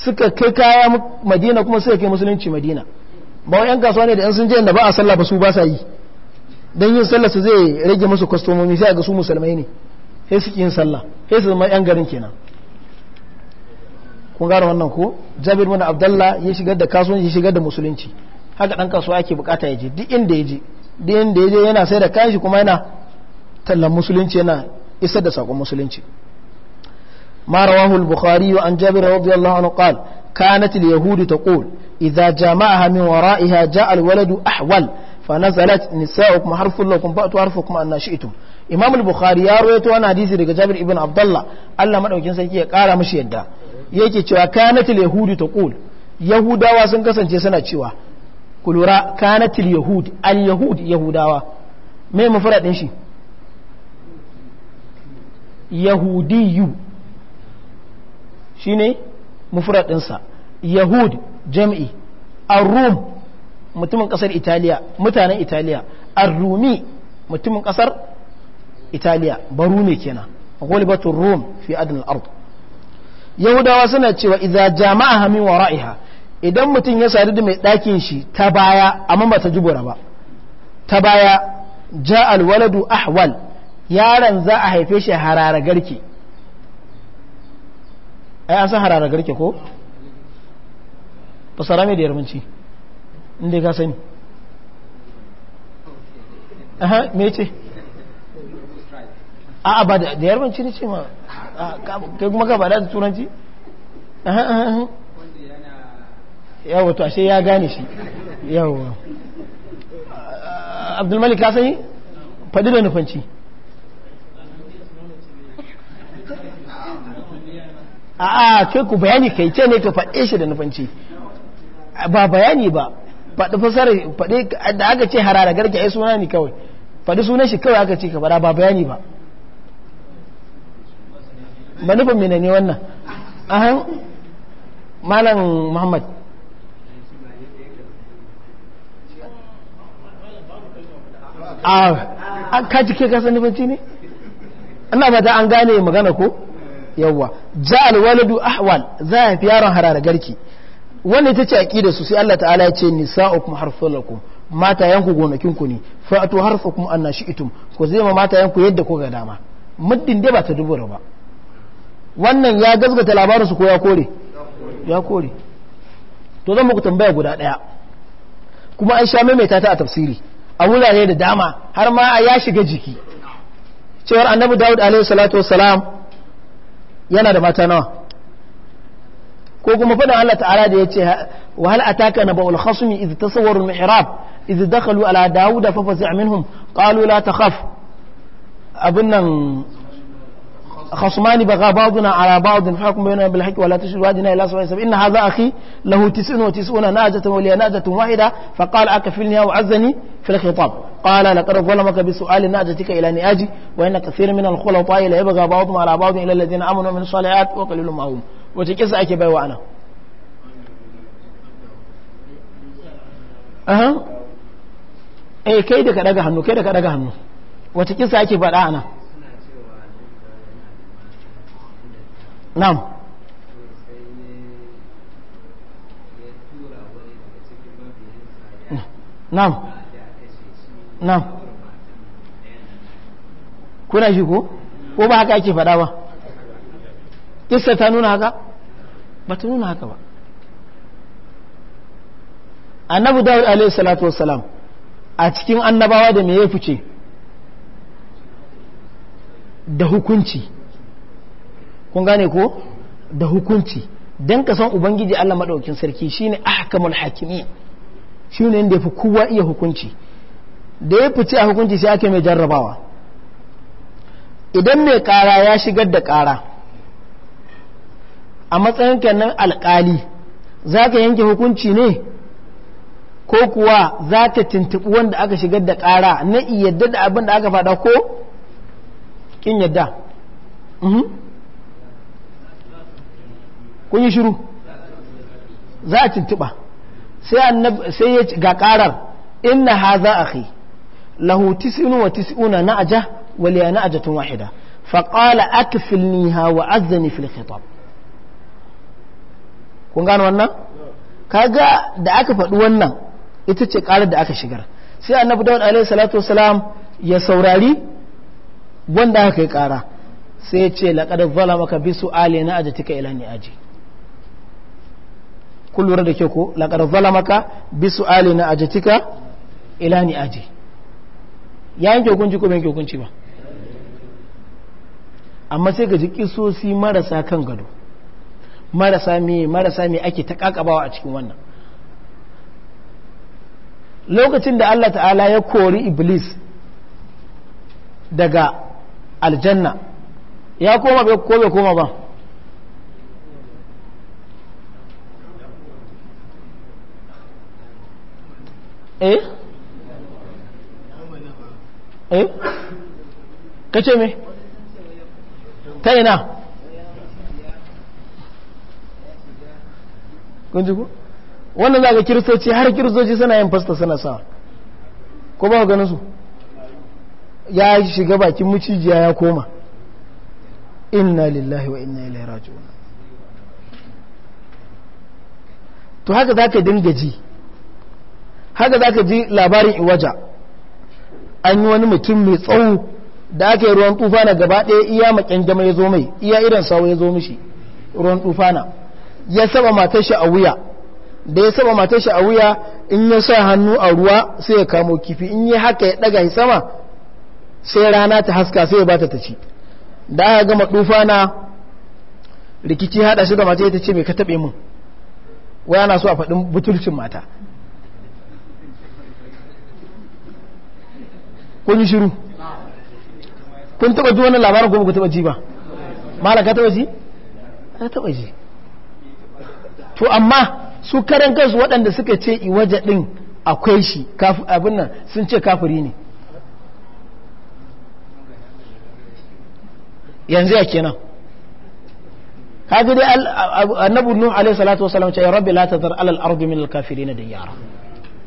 suka kai kaya madina kuma suka kai musulunci madina ba wa 'yan kasuwa ne da 'yan sun je da ba a sallah ba su ba sa yi don yin sallah su zai rage musu kwastomomi sai a ga su musulmai ne sai su yin sallah sai su zama 'yan garin kenan kun gane wannan ko jabir bin abdullah ya shigar da kasuwanci ya shigar da musulunci haka dan kasuwa ake bukata ya je duk inda ya je duk inda ya je yana sai da kashi kuma yana tallan musulunci yana isar da sakon musulunci ما رواه البخاري عن جابر رضي الله عنه قال كانت اليهود تقول إذا جامعها من ورائها جاء الولد أحول فنزلت نساؤكم حرف لكم فأتوا حرفكم أن شئتم إمام البخاري يرويت وانا حديث رجع جابر ابن عبد الله الله مدعو جنسا كي قال مشي يدا yake cewa kanatil ta taqul yahudawa sun kasance suna cewa ku lura kanatil yahud al yahud yahudawa me mafradin shi yahudiyu shine mufradin sa yahud jam'i ar-rum mutumin kasar italiya mutanen italiya ar-rumi mutumin kasar italiya rumi kenan ghalibatur rum fi adn al yahudawa suna cewa idza jama'a hamin ra'iha idan mutum ya sadu da mai ɗakin shi ta baya amma ba ta jubura ba ta baya ja alwaladu ahwal yaron za a haife shi harara garke ai an san harara garke ko ba sara mai da yarmanci inda ka sani aha me ce a'a ba da yarbanci ne ce ma kai kuma ka bada da turanci yawo to ashe ya gane shi yawo abdulmalik ka sani faɗi da nufanci a'a kai ku bayani kai ce ne ka faɗe shi da nufanci ba bayani ba faɗi fasarar faɗi da aka ce harara garke ai suna ne kawai faɗi sunan shi kawai aka ce ka bara ba bayani ba manufan mene ne wannan ahan malam muhammad a kaji ke kasa nufanci ne ina ba ta an gane magana ko yawwa ja alwaladu ahwal za a fi yaron harar garki wanda ita ce da su sai Allah ta'ala ya ce nisa'ukum harfulakum mata yanku gonakin ku ne fa'atu harfakum annashi itum ko zai ma mata yanku yadda ku ga dama muddin dai ba ta dubura ba wannan ya gazgata su ko ya kore ya kore to zan muku tambaya guda ɗaya kuma an sha maimaita ta a tafsiri a wurare da dama har ma ya shiga jiki cewar annabi dawud alaihi salatu wassalam yana da mata nawa ko kuma faɗin Allah ta'ala da ya ce wa hal ataka na ba'ul khasmi idh tasawwaru al-mihrab idh dakhalu ala dawud fa fazi'a minhum qalu la takhaf abin nan خصمان بغى بعضنا على بعض فحكم بيننا بالحق ولا تشد وادنا إلى سواء إن هذا أخي له تسع وتسعون ناجة ولي ناجة واحدة فقال أكفلني وعزني في الخطاب قال لقد ظلمك بسؤال ناجتك إلى نياجي وإن كثير من الخلطاء يبغى بعضهم على بعض إلى الذين آمنوا من الصالحات وقليل ما هم وتكسى أكبر وأنا أها أي كيدك أدقى هنو كيدك أدقى هنو وتكسى أكبر أنا Nam na'am na'am kuna shi ko ko ba haka ake faɗa ba kisa ta nuna haka ba ta nuna haka ba annabi dawud alaihi salatu wassalam a cikin annabawa da me ya fice da hukunci kun gane ko da hukunci dan ka san ubangiji Allah maɗaukin sarki shine ahkamul hakimi shine inda yafi kowa iya hukunci da ya ci a hukunci sai ake mai jarrabawa idan mai kara ya shigar da kara a matsayin kenan alkali za ka yanke hukunci ne ko kuwa za ka tuntuɓi wanda aka shigar da ƙara na yadda da abin da aka faɗa ko ƙin yadda mhm. kun yi shiru za a tuntuɓa sai ya ga ƙarar inna ha za a kai lahu tisinu wa tis'una na aja waliya na aja tun wahida faƙala aka filniha wa azzani fil khitab kun gano wannan kaga da aka faɗi wannan ita ce ƙarar da aka shigar sai annabi dawud alaihi salatu wasalam ya saurari wanda aka kai ƙara sai ya ce laqad ka bi su su'ali na ajatika ila ni aji kun da ke ko laƙar zalamaka bi Ali na ajatika ila ni aji ya yanke hukunci ko bai yanke hukunci ba amma sai ga ji kisosi marasa kan gado marasa me marasa me ake ta kakabawa a cikin wannan lokacin da Allah ta'ala ya kori iblis daga aljanna ya koma ko bai koma ba eh eh kace me ta ina kun ji ku wannan za kirsoci kiristoci har kiristoci suna yin fasta suna sa ko ba ganin su ya shiga bakin mucijiya ya koma inna lillahi wa inna ilaihi raji'un to haka zaka dinga ji haka za ka ji labarin iwaja an yi wani mutum mai tsawo da aka ruwan tufana gaba ɗaya iya makyangama ya zo mai iya irin sawo ya zo mishi ruwan tufana ya saba matar shi a wuya da ya saba matar shi a wuya in ya sa hannu a ruwa sai ya kamo kifi in yi haka ya ɗaga sama sai rana ta haska sai ya bata ta ci da aka gama tufana rikici haɗa shi da mata ta ce mai ka taɓe min waya na so a faɗin butulcin mata kun yi shiru kun taba ji wannan labarin ko ba taba ji ba malaka taba ji ka taba ji to amma su karan kansu waɗanda suka ce iwaje din akwai shi abin nan sun ce kafiri ne yanzu ya kenan kaga dai annabi nuh alaihi salatu wasallam ce ya rabbi la tadhar alal ardi min al kafirin da yara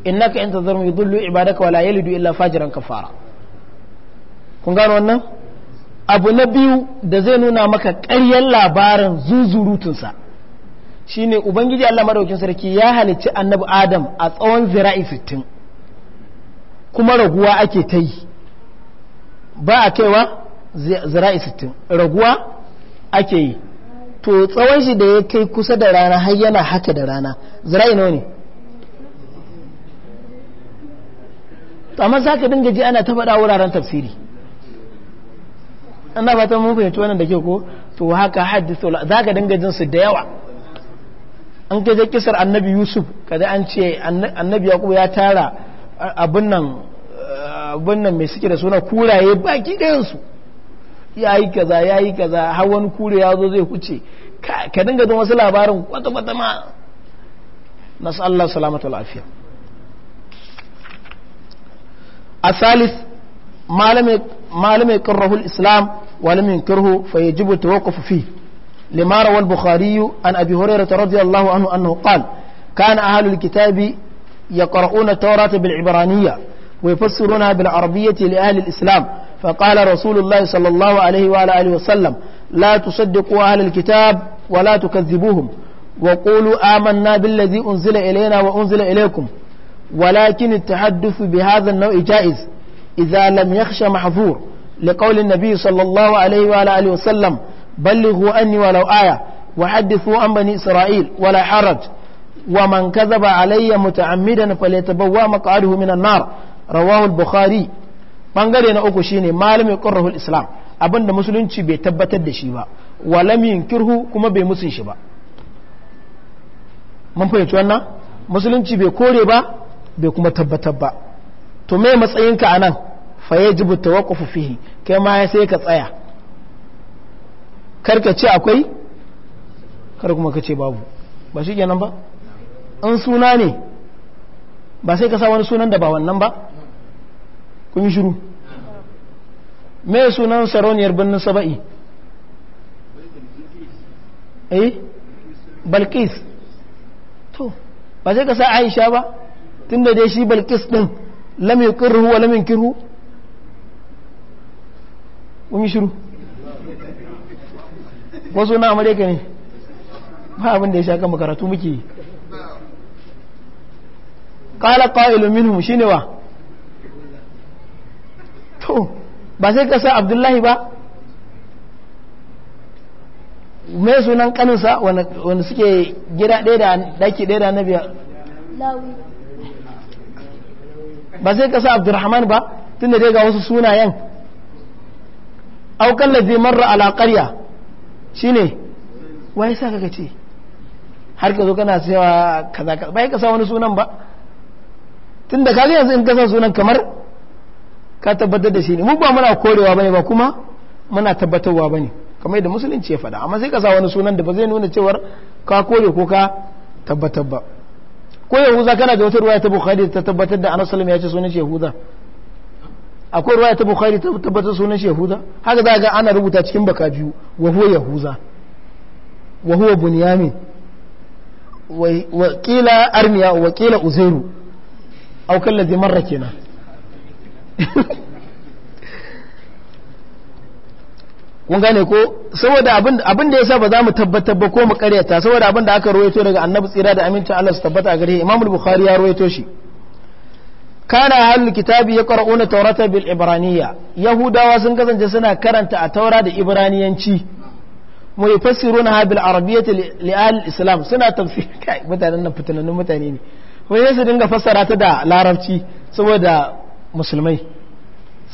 innaka in tadhar yudillu ibadaka wa la yalidu illa fajiran kafara kun gano wannan abu na biyu da zai nuna maka ƙaryar labarin zuzurutunsa shine ubangiji Allah maraukin sarki ya halicci annabi adam a tsawon zira'i sittin. kuma raguwa ake ta yi ba a kaiwa zira'i sittin raguwa ake yi to tsawon shi da ya kai kusa da rana har yana haka da rana zira'i nawa ne amma za ka dinga ji ana ta faɗa wuraren tafsiri ana fatan mun fahimci wannan da ke ko to haka hadithu za ka dinga jinsu da yawa an zai kisar annabi yusuf kada an ce annabi yakubu ya tara abin nan mai suke da suna kuraye baki ɗayan su yi kaza yi kaza har wani kure ya zo zai huce ka dinga jin wasu labarin kwata kwata ma nasu Allah salamatu lafiya a salis malamai. ما لم يكره الإسلام ولم ينكره فيجب التوقف فيه لما روى البخاري عن أبي هريرة رضي الله عنه أنه قال كان أهل الكتاب يقرؤون التوراة بالعبرانية ويفسرونها بالعربية لأهل الإسلام فقال رسول الله صلى الله عليه وعلى آله وسلم لا تصدقوا أهل الكتاب ولا تكذبوهم وقولوا آمنا بالذي أنزل إلينا وأنزل إليكم ولكن التحدث بهذا النوع جائز إذا لم يخشى محظور لقول النبي صلى الله عليه وعلى آله وسلم بلغوا أني ولو آية وحدثوا عن بني إسرائيل ولا حرج ومن كذب علي متعمدا فليتبوى مقعده من النار رواه البخاري bangare na uku shine malami qurrahul islam abinda musulunci bai tabbatar da shi ba walam kirhu kuma bai musun shi ba mun fahimci musulunci bai kore ba bai kuma ba to me matsayinka nan. fa yajibu tawaqqufu fihi kai ma sai ka tsaya karka ce akwai kar kuma ka ce babu ba shi kenan ba in suna ne ba sai ka sa wani sunan da ba wannan ba kun yi shiru me sunan sarauniyar birnin saba'i eh balkis to ba sai ka sa aisha ba tunda dai shi balkis din lam yakirhu wa lam yankiru kun yi shiru wasu na amurka ne ba abin da ya sha kan makaratu muke yi ƙala ƙa'ilu minhum shi ne wa to ba sai ka sa abdullahi ba mai sunan kaninsa wanda suke gida ɗaya da ɗaki ɗaya da na biya ba sai ka sa ba tun da dai ga wasu sunayen aw kallazi marra ala qarya shine wai sa kaka ce har ka zo kana cewa kaza ka bai ka sa wani sunan ba tunda kaga yanzu in ka sa sunan kamar ka tabbatar da shi ne mu ba muna korewa bane ba kuma muna tabbatarwa bane kamar yadda musulunci ya faɗa amma sai ka sa wani sunan da ba zai nuna cewar ka kore ko ka tabbatar ba ko yahuza kana da wata ruwaya ta bukhari ta tabbatar da annabi ya ce sunan shehuza akwai ruwaya ta bukari ta tabbatar sunan shi yahuda haka za a ga ana rubuta cikin baka biyu wa huwa yahuza wa huwa bunyamin wa kila armiya wa kila uzairu aw kallazi marra kenan *laughs* kun gane ko saboda abin da ya sa ba za mu tabbatar ba ko mu karyata saboda abin da aka rawaito daga annabi tsira da amincin Allah su tabbata a gare imamul Bukhari ya rawaito shi kana ahlul kitabi yaqra'una tawrata bil ibraniyya yahudawa sun kasance suna karanta a taura da ibraniyanci mu yufassiruna bil arabiyyati li ahli islam suna tafsir kai mutanen nan fitinannun mutane ne wai su dinga fassara ta da larabci saboda musulmai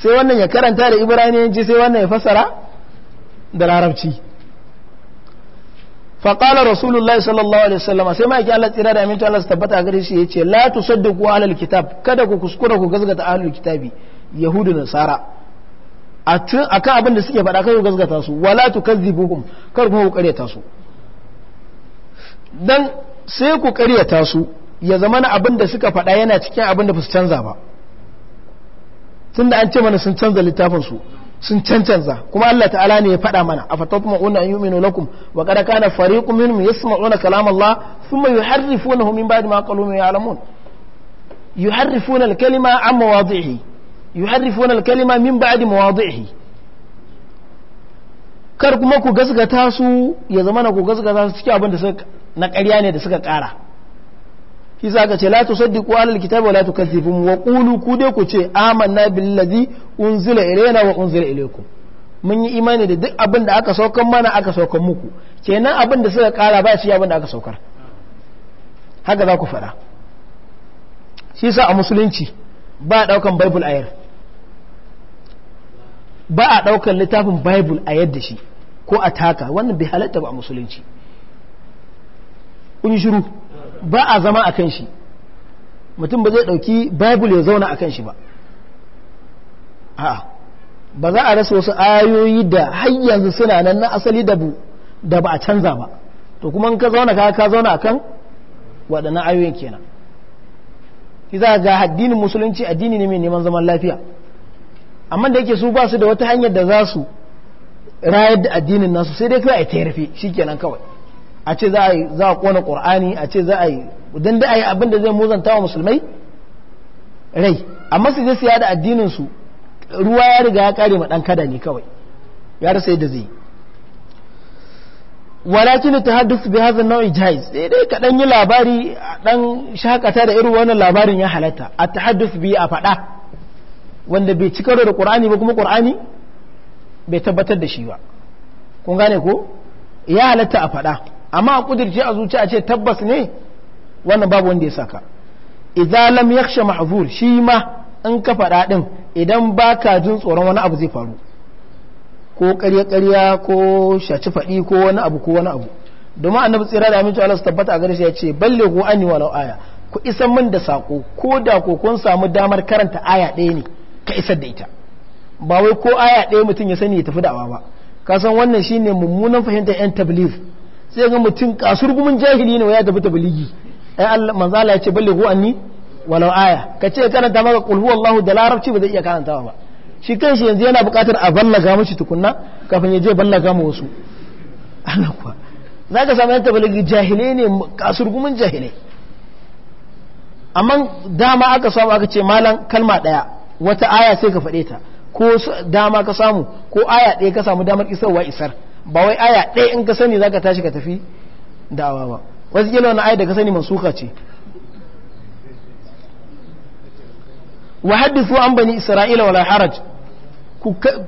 sai wannan ya karanta da ibraniyanci sai wannan ya fassara da larabci فقال رسول الله صلى الله عليه وسلم sai ma yake Allah tsira da aminta Allah su tabbata gare shi yace la tusaddiqu ahlul kitab kada ku kuskura ku gazgata ahlul kitabi yahudu a tun akan abin da suke faɗa kai ku gazgata su wala tukazzibuhum kar ku ƙaryata su dan sai ku ƙaryata su ya zama na abin da suka faɗa yana cikin abin da ba canza ba tunda an ce mana sun canza littafin su sun cancanza kuma Allah ta'ala ne ya faɗa mana a fatatuma una an yu'minu lakum wa kada kana fariqun minhum yasma'una kalam Allah thumma yuharrifunahu min ba'di ma qalu ya'lamun yuharrifuna al-kalima an mawadhihi yuharrifuna al-kalima min ba'di mawadhihi kar kuma ku gasgata su ya zama na ku gasgata su cikin abin da suka na ƙarya ne da suka ƙara kisa ka ce la tusaddiqu alal kitabi wa la tukadzibum wa qulu ku dai ku ce amanna billazi unzila ilaina wa unzila ilaykum mun yi imani da duk abin da aka saukar mana aka saukar muku kenan abin da suka kara ba shi abin da aka saukar haka za ku fara shi sa a musulunci ba a daukan bible ayar ba a daukan littafin bible a da shi ko a taka wannan bai halatta ba a musulunci kun shiru ba a zama a kan shi mutum ba zai ɗauki bible ya zauna a kan shi ba a'a ba za a rasa wasu ayoyi da har suna nan na asali da ba a canza ba to kuma ka zauna ka ka zauna akan waɗannan ayoyin kenan iza ga addinin musulunci addini ne mai neman zaman lafiya amma da yake su ba su da wata hanyar da za su rayar da addinin nasu sai dai kawai a shi kenan kawai a ce za a kona ƙorani a ce za a yi don da a yi abinda da zai muzantawa wa musulmai rai amma su je siya da addininsu ruwa ya riga ya kare ma ɗan kada ne kawai ya rasa yadda zai walakin ta su bi hazan nau'i jaiz sai dai ka yi labari ɗan shakata da irin wannan labarin ya halatta a ta su bi a faɗa wanda bai ci da ƙorani ba kuma ƙorani bai tabbatar da shi ba kun gane ko ya halatta a faɗa amma a kudirce a zuci a ce tabbas ne wannan babu wanda ya saka idza lam yakhsha mahzur shi ma in ka faɗa din idan baka jin tsoron wani abu zai faru ko ƙarya-ƙarya ko shaci faɗi ko wani abu ko wani abu domin annabi tsira da aminci Allah su tabbata a gare shi ya ce balle ku anni walau aya ku isan min da sako ko da ko kun samu damar karanta aya ɗaya ne ka isar da ita ba wai ko aya ɗaya mutum ya sani ya tafi da'awa ba kasan san wannan shine mummunan fahimtar yan tabligh sai ga mutum kasurgumin jahili ne ya tafi biligi ai Allah manzo Allah ya ce ballighu anni walau aya kace karanta maka qul Allahu da larabci ba zai iya karantawa ba shi kanshi yanzu yana buƙatar a ballaga mishi tukunna kafin ya je ballaga mu wasu Allah kuwa zaka samu yanta biligi jahili ne kasurgumin jahili amma dama aka samu aka ce malam kalma daya wata aya sai ka fade ta ko dama ka samu ko aya ɗaya ka samu damar isarwa isar ba wai aya ɗaya in ka sani za ka tashi ka tafi da'awa ba wasu gina wani aya da ka sani mansuka ce wa an bani isra'ila wala haraj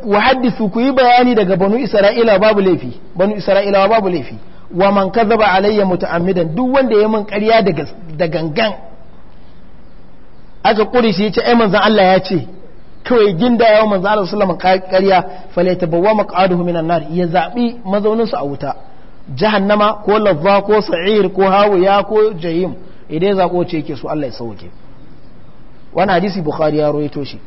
wa hadithu ku yi bayani daga banu isra'ila babu laifi banu isra'ila babu laifi wa man alayya muta'ammidan duk wanda ya min karya da gangan aka ƙuri shi ya ce ai manzon Allah ya ce kawai ginda yawan manzo Allah sallallahu alaihi wasallam ƙarya falyatabawwa maq'aduhu minan nar ya zabi mazaunin su a wuta jahannama ko lazza ko sa'ir ko hawiya ko jahim idan zako ce yake su Allah ya sauke wani hadisi bukhari ya rawaito shi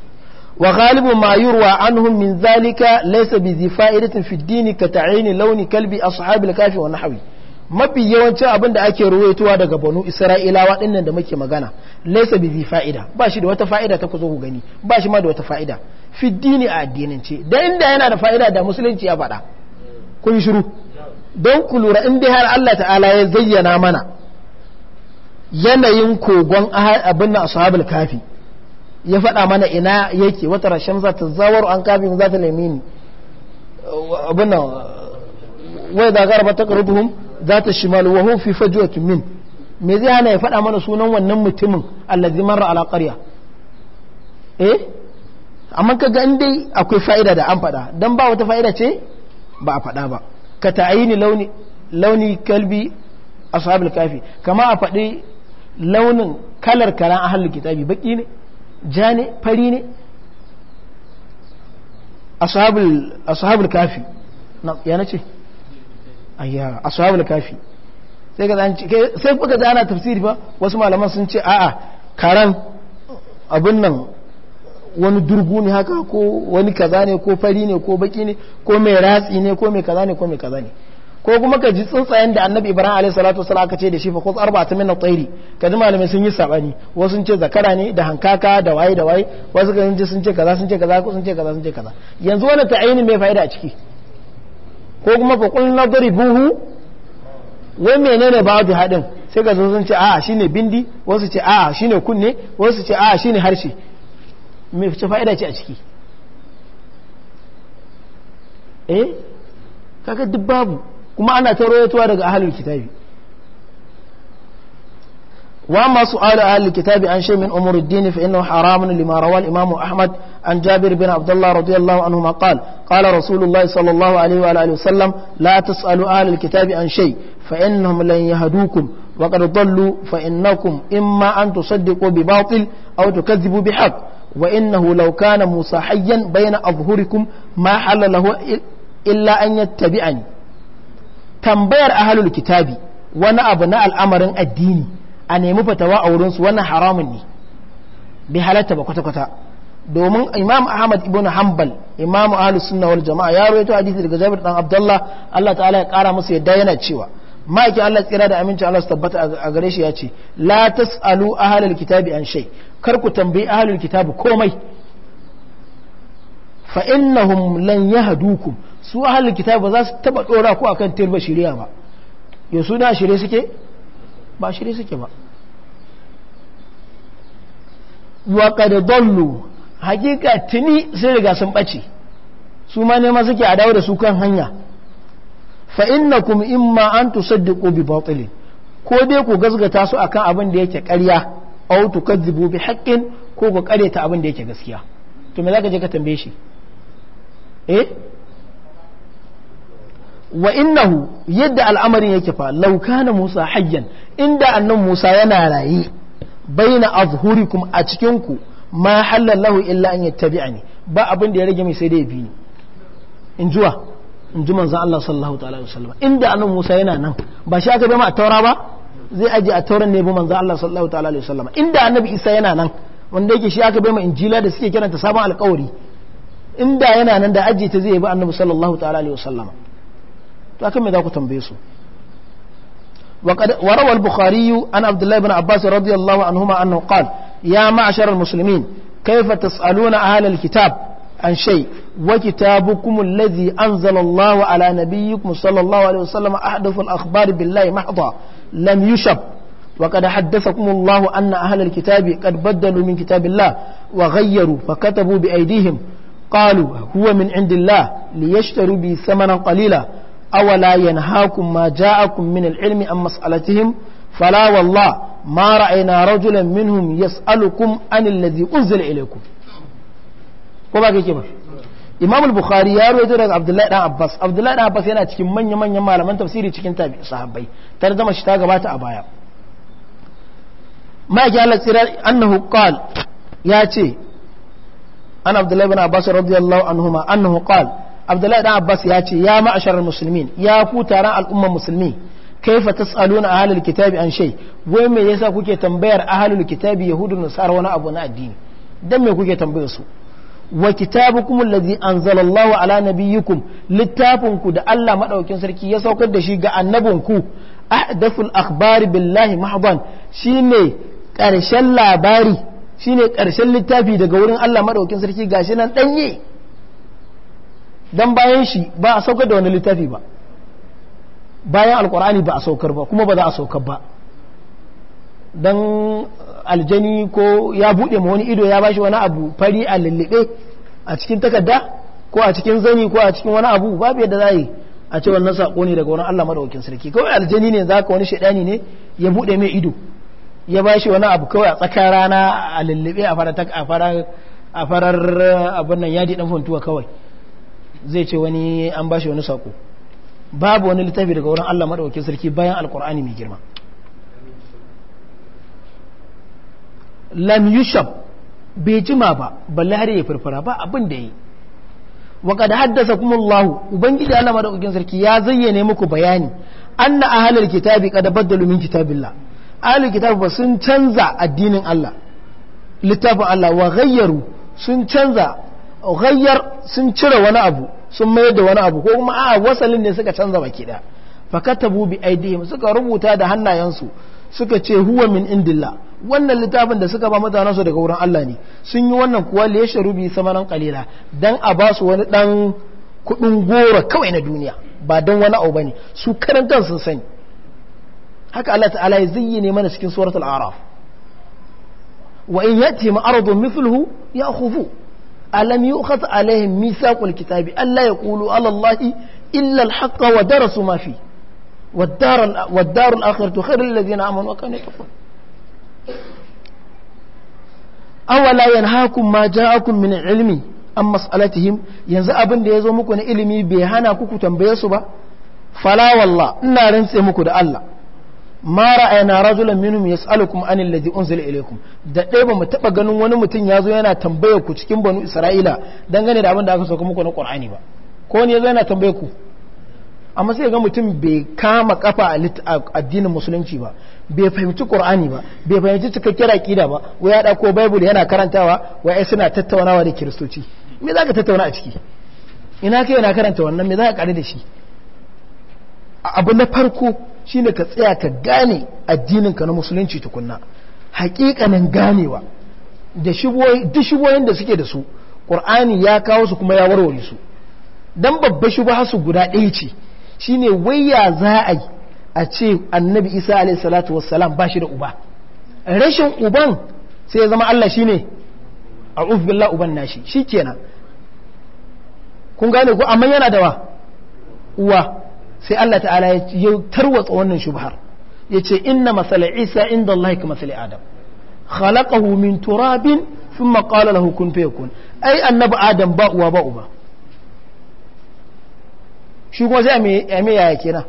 wa ghalibu ma yurwa anhum min zalika laysa bi zifa'idatin fi ad ka ta'ini launi kalbi ashabil kafi wa nahwi mafi yawancin abin da ake ruwaituwa daga banu isra'ilawa ɗinnan da muke magana laisa bi fa'ida ba shi da wata fa'ida ta zo ku gani ba shi ma da wata fa'ida fi dini a addinance da inda yana da fa'ida da musulunci ya faɗa kun yi shiru don ku lura in dai har Allah ta'ala ya zayyana mana yanayin kogon abin na ashabul kafi ya faɗa mana ina yake wata rashin za ta zawar an kafin za ta lamini abin nan wai da garba ta zata shimal wa hu fi min me zai hana ya faɗa mana sunan wannan mutumin allazi marra ala qarya eh amma kaga in dai akwai fa'ida da an faɗa dan ba wata fa'ida ce ba a faɗa ba ka ta'ayini launi launi kalbi ashabul kafi kama a faɗi launin kalar karan ahlul kitabi baki ne ja ne fari ne ashabul ashabul kafi na ya nace ayya ashabul kafi sai ka sai kuka ga ana tafsiri ba wasu malaman sun ce a'a karan abin nan wani durgu ne haka ko wani kaza ne ko fari ne ko baki ne ko mai ratsi ne ko mai kaza ne ko mai kaza ne ko kuma ka ji tsuntsayen da annabi ibrahim alayhi salatu wasallam aka ce da shi fa khudh arba'ata min at-tayri kaji malamai sun yi sabani wasu sun ce zakara ne da hankaka da waye da waye wasu sun ce kaza sun ce kaza ko sun ce kaza sun ce kaza yanzu wannan ta'ayini mai fa'ida a ciki ko kuma fa qul buhu wai menene babu hadin sai ga sun ce a shine bindi wasu ce a shine kunne wasu ce a shine harshe me fice fa'ida ce a ciki eh kaga duk kuma ana ta daga ahalin kitabi وأما سؤال أهل الكتاب عن شيء من أمور الدين فإنه حرام لما روى الإمام أحمد عن جابر بن عبد الله رضي الله عنهما قال قال رسول الله صلى الله عليه وآله وسلم لا تسألوا أهل الكتاب عن شيء فإنهم لن يهدوكم وقد ضلوا فإنكم إما أن تصدقوا بباطل أو تكذبوا بحق وإنه لو كان موسى حيا بين أظهركم ما حل له إلا أن يتبعني تنبير أهل الكتاب وأنا أبناء الأمر الديني a nemi fatawa a wurinsu wannan haramun ne bai halatta ba kwata-kwata domin imam ahmad ibn hanbal imam ahlus sunna wal jama'a ya rawaito hadisi daga jabir dan abdullah Allah ta'ala ya kara masa yadda yana cewa ma'aikin Allah tsira da aminci Allah su tabbata a gare shi ya ce la tas'alu ahlul kitabi an shay kar ku tambayi ahlul kitabi komai fa innahum lan ku su ahlul kitabi ba za su taba dora ku akan tirba shari'a ba yau su da shirye suke ba shirye suke ba wa da dallu hakika tuni sai riga sun bace su ma ne suke a dawo da su kan hanya fa innakum imma an tusaddiqu bi batilin ko dai ku gazgata su akan abin da yake ƙarya aw tukadzibu bi haqqin ko ku ta abin da yake gaskiya to me zaka je ka tambaye shi eh wa innahu yadda al'amarin yake fa law kana musa hayyan inda annan Musa yana rayi baina azhurikum a cikin ku ma halallahu illa an yattabi'ani ba abin da ya rage mai sai da ya bi ni in juwa in ji manzon Allah sallallahu ta'ala wa wasallam inda annan Musa yana nan ba shi aka bai ma a taura ba zai aje a tauran ne bi manzon Allah sallallahu ta'ala wa wasallam inda annabi Isa yana nan wanda yake shi aka bai ma injila da suke kiranta sabon alƙawari inda yana nan da aje ta zai bi annabi sallallahu ta'ala wa wasallam to akan me za ku tambaye su وقد وروى البخاري عن عبد الله بن عباس رضي الله عنهما أنه قال يا معشر المسلمين كيف تسألون أهل الكتاب عن شيء وكتابكم الذي أنزل الله على نبيكم صلى الله عليه وسلم أحدث الأخبار بالله محضا لم يشب وقد حدثكم الله أن أهل الكتاب قد بدلوا من كتاب الله وغيروا فكتبوا بأيديهم قالوا هو من عند الله ليشتروا به ثمنا قليلا awala yanhaakum ma ja'akum min al-ilmi an mas'alatihim fala wallah ma ra'ayna rajulan minhum yas'alukum an alladhi unzila ilaykum ko ba kake ba Imam al-Bukhari ya rawaito daga Abdullahi dan Abbas Abdullahi dan Abbas yana cikin manyan manyan malaman tafsiri cikin tabi'i sahabbai tarjuma shi ta gabata a baya ma ya Allah tsira annahu qal ya ce an Abdullahi bin Abbas radiyallahu anhuma annahu qala abdullahi da abbas ya ce ya ma'asharar musulmin ya ku taron al'ummar musulmi kai fa tas'aluna ahlul kitabi an shay wai me yasa kuke tambayar ahlul kitabi yahudu nasara wani abu na addini dan me kuke tambayar su wa kitabukum allazi anzalallahu ala nabiyyikum littafin ku da Allah madaukin sarki ya saukar da shi ga ku ahdathul akhbari billahi mahdan shine karshen labari shine karshen littafi daga wurin Allah madaukin sarki gashi nan danye dan bayan shi ba a saukar da wani littafi ba bayan alkur'ani ba a saukar ba kuma ba za a saukar ba Don aljani ko ya buɗe ma wani ido ya bashi wani abu fari a lullube a cikin takarda ko a cikin zani ko a cikin wani abu babu yadda za yi a ce wannan sako ne daga wani Allah maɗaukin sarki kawai aljani ne za ka wani shaɗani ne ya buɗe mai ido ya bashi wani abu kawai a tsakar rana a lullube a farar a abin nan yadi dan funtuwa kawai zai ce wani an bashi wani sako babu wani littafi daga wurin Allah madaukakin sarki bayan alkur'ani mai girma lam yushab bai jima ba balle har ya firfira ba abin da yi wa kad haddasa kuma Allah ubangiji Allah madaukakin sarki ya zayyane muku bayani anna ahlul kitabi qad baddalu min kitabillah ahlul kitabi ba sun canza addinin Allah littafin Allah wa ghayyaru sun canza ghayyar sun cire wani abu sun mayar da wani abu ko kuma a wasalin ne suka canza baki da fakatabu bi aidihim suka rubuta da hannayensu suka ce huwa min indillah wannan littafin da suka ba mutanen su daga wurin Allah ne sun yi wannan kuwa li yashru bi samanan qalila dan a ba su wani dan kudin gora kawai na duniya ba dan wani abu bane su karan kan sun sani haka Allah ta'ala ya zayyane mana cikin suratul araf wa in yati ma'aradun mithluhu ya khufu alam yi uka ta alayhin misa kulkita Allah ya kulu alallahi illal haƙa wa dara su mafi wa darun akhirtu khairun lalazi na amon waka ne kafa awala yan hakun ma ja akun min ilimi an matsalatihim yanzu abin da ya zo muku na ilimi bai hana kuku tambaye su ba falawalla ina rantse muku da Allah ma ra'ayna rajulan minhum yas'alukum anil ladhi unzila ilaykum da dai ba mu taba ganin wani mutum yazo yana tambaye ku cikin banu isra'ila dangane da abin da aka sauka muku na qur'ani ba ko wani yazo yana tambaye ku amma sai ga mutum bai kama kafa a addinin musulunci ba bai fahimci qur'ani ba bai fahimci cikakken aqida ba wai ya ko bible yana karantawa wai ai suna tattaunawa da kiristoci me zaka tattauna a ciki ina kai yana karanta wannan me zaka kare da shi abu na farko shine ka tsaya ka gane addininka na musulunci tukunna hakikanin ganewa da duk shigoyin da suke da su ƙur'ani ya kawo su kuma ya warware su don babba shi ba su guda ɗaya ce shi ne waya za a yi a ce annabi isa alaihissalatu wassalam ba shi da uba rashin uban sai ya zama allah shi ne a ufbillah uban nashi shi kenan kun gane ko amma yana da wa uwa sai Allah ta'ala ya tarwatsa wannan shubhar ya ce inna masala isa inda Allah ka masala adam khalaqahu min turabin sun qala lahu kun fayakun ai annabi adam ba uwa ba uba shi kuma sai a me yaya kenan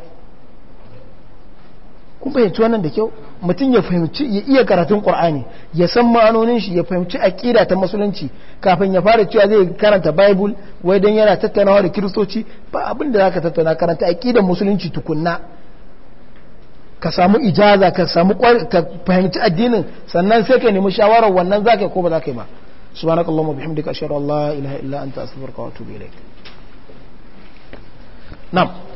kun fahimci wannan da kyau mutum ya fahimci ya iya karatun qur'ani ya san ma'anonin shi ya fahimci aƙida ta musulunci kafin ya fara cewa zai karanta bible wai dan yana tattaunawa da kiristoci ba abin da zaka tattauna karanta aqidar musulunci tukunna ka samu ijaza ka samu fahimci addinin sannan sai ka nemi shawarar wannan zaka ko ba zaka yi ba subhanakallahumma bihamdika ashhadu an la ilaha illa anta astaghfiruka wa atubu ilaik na'am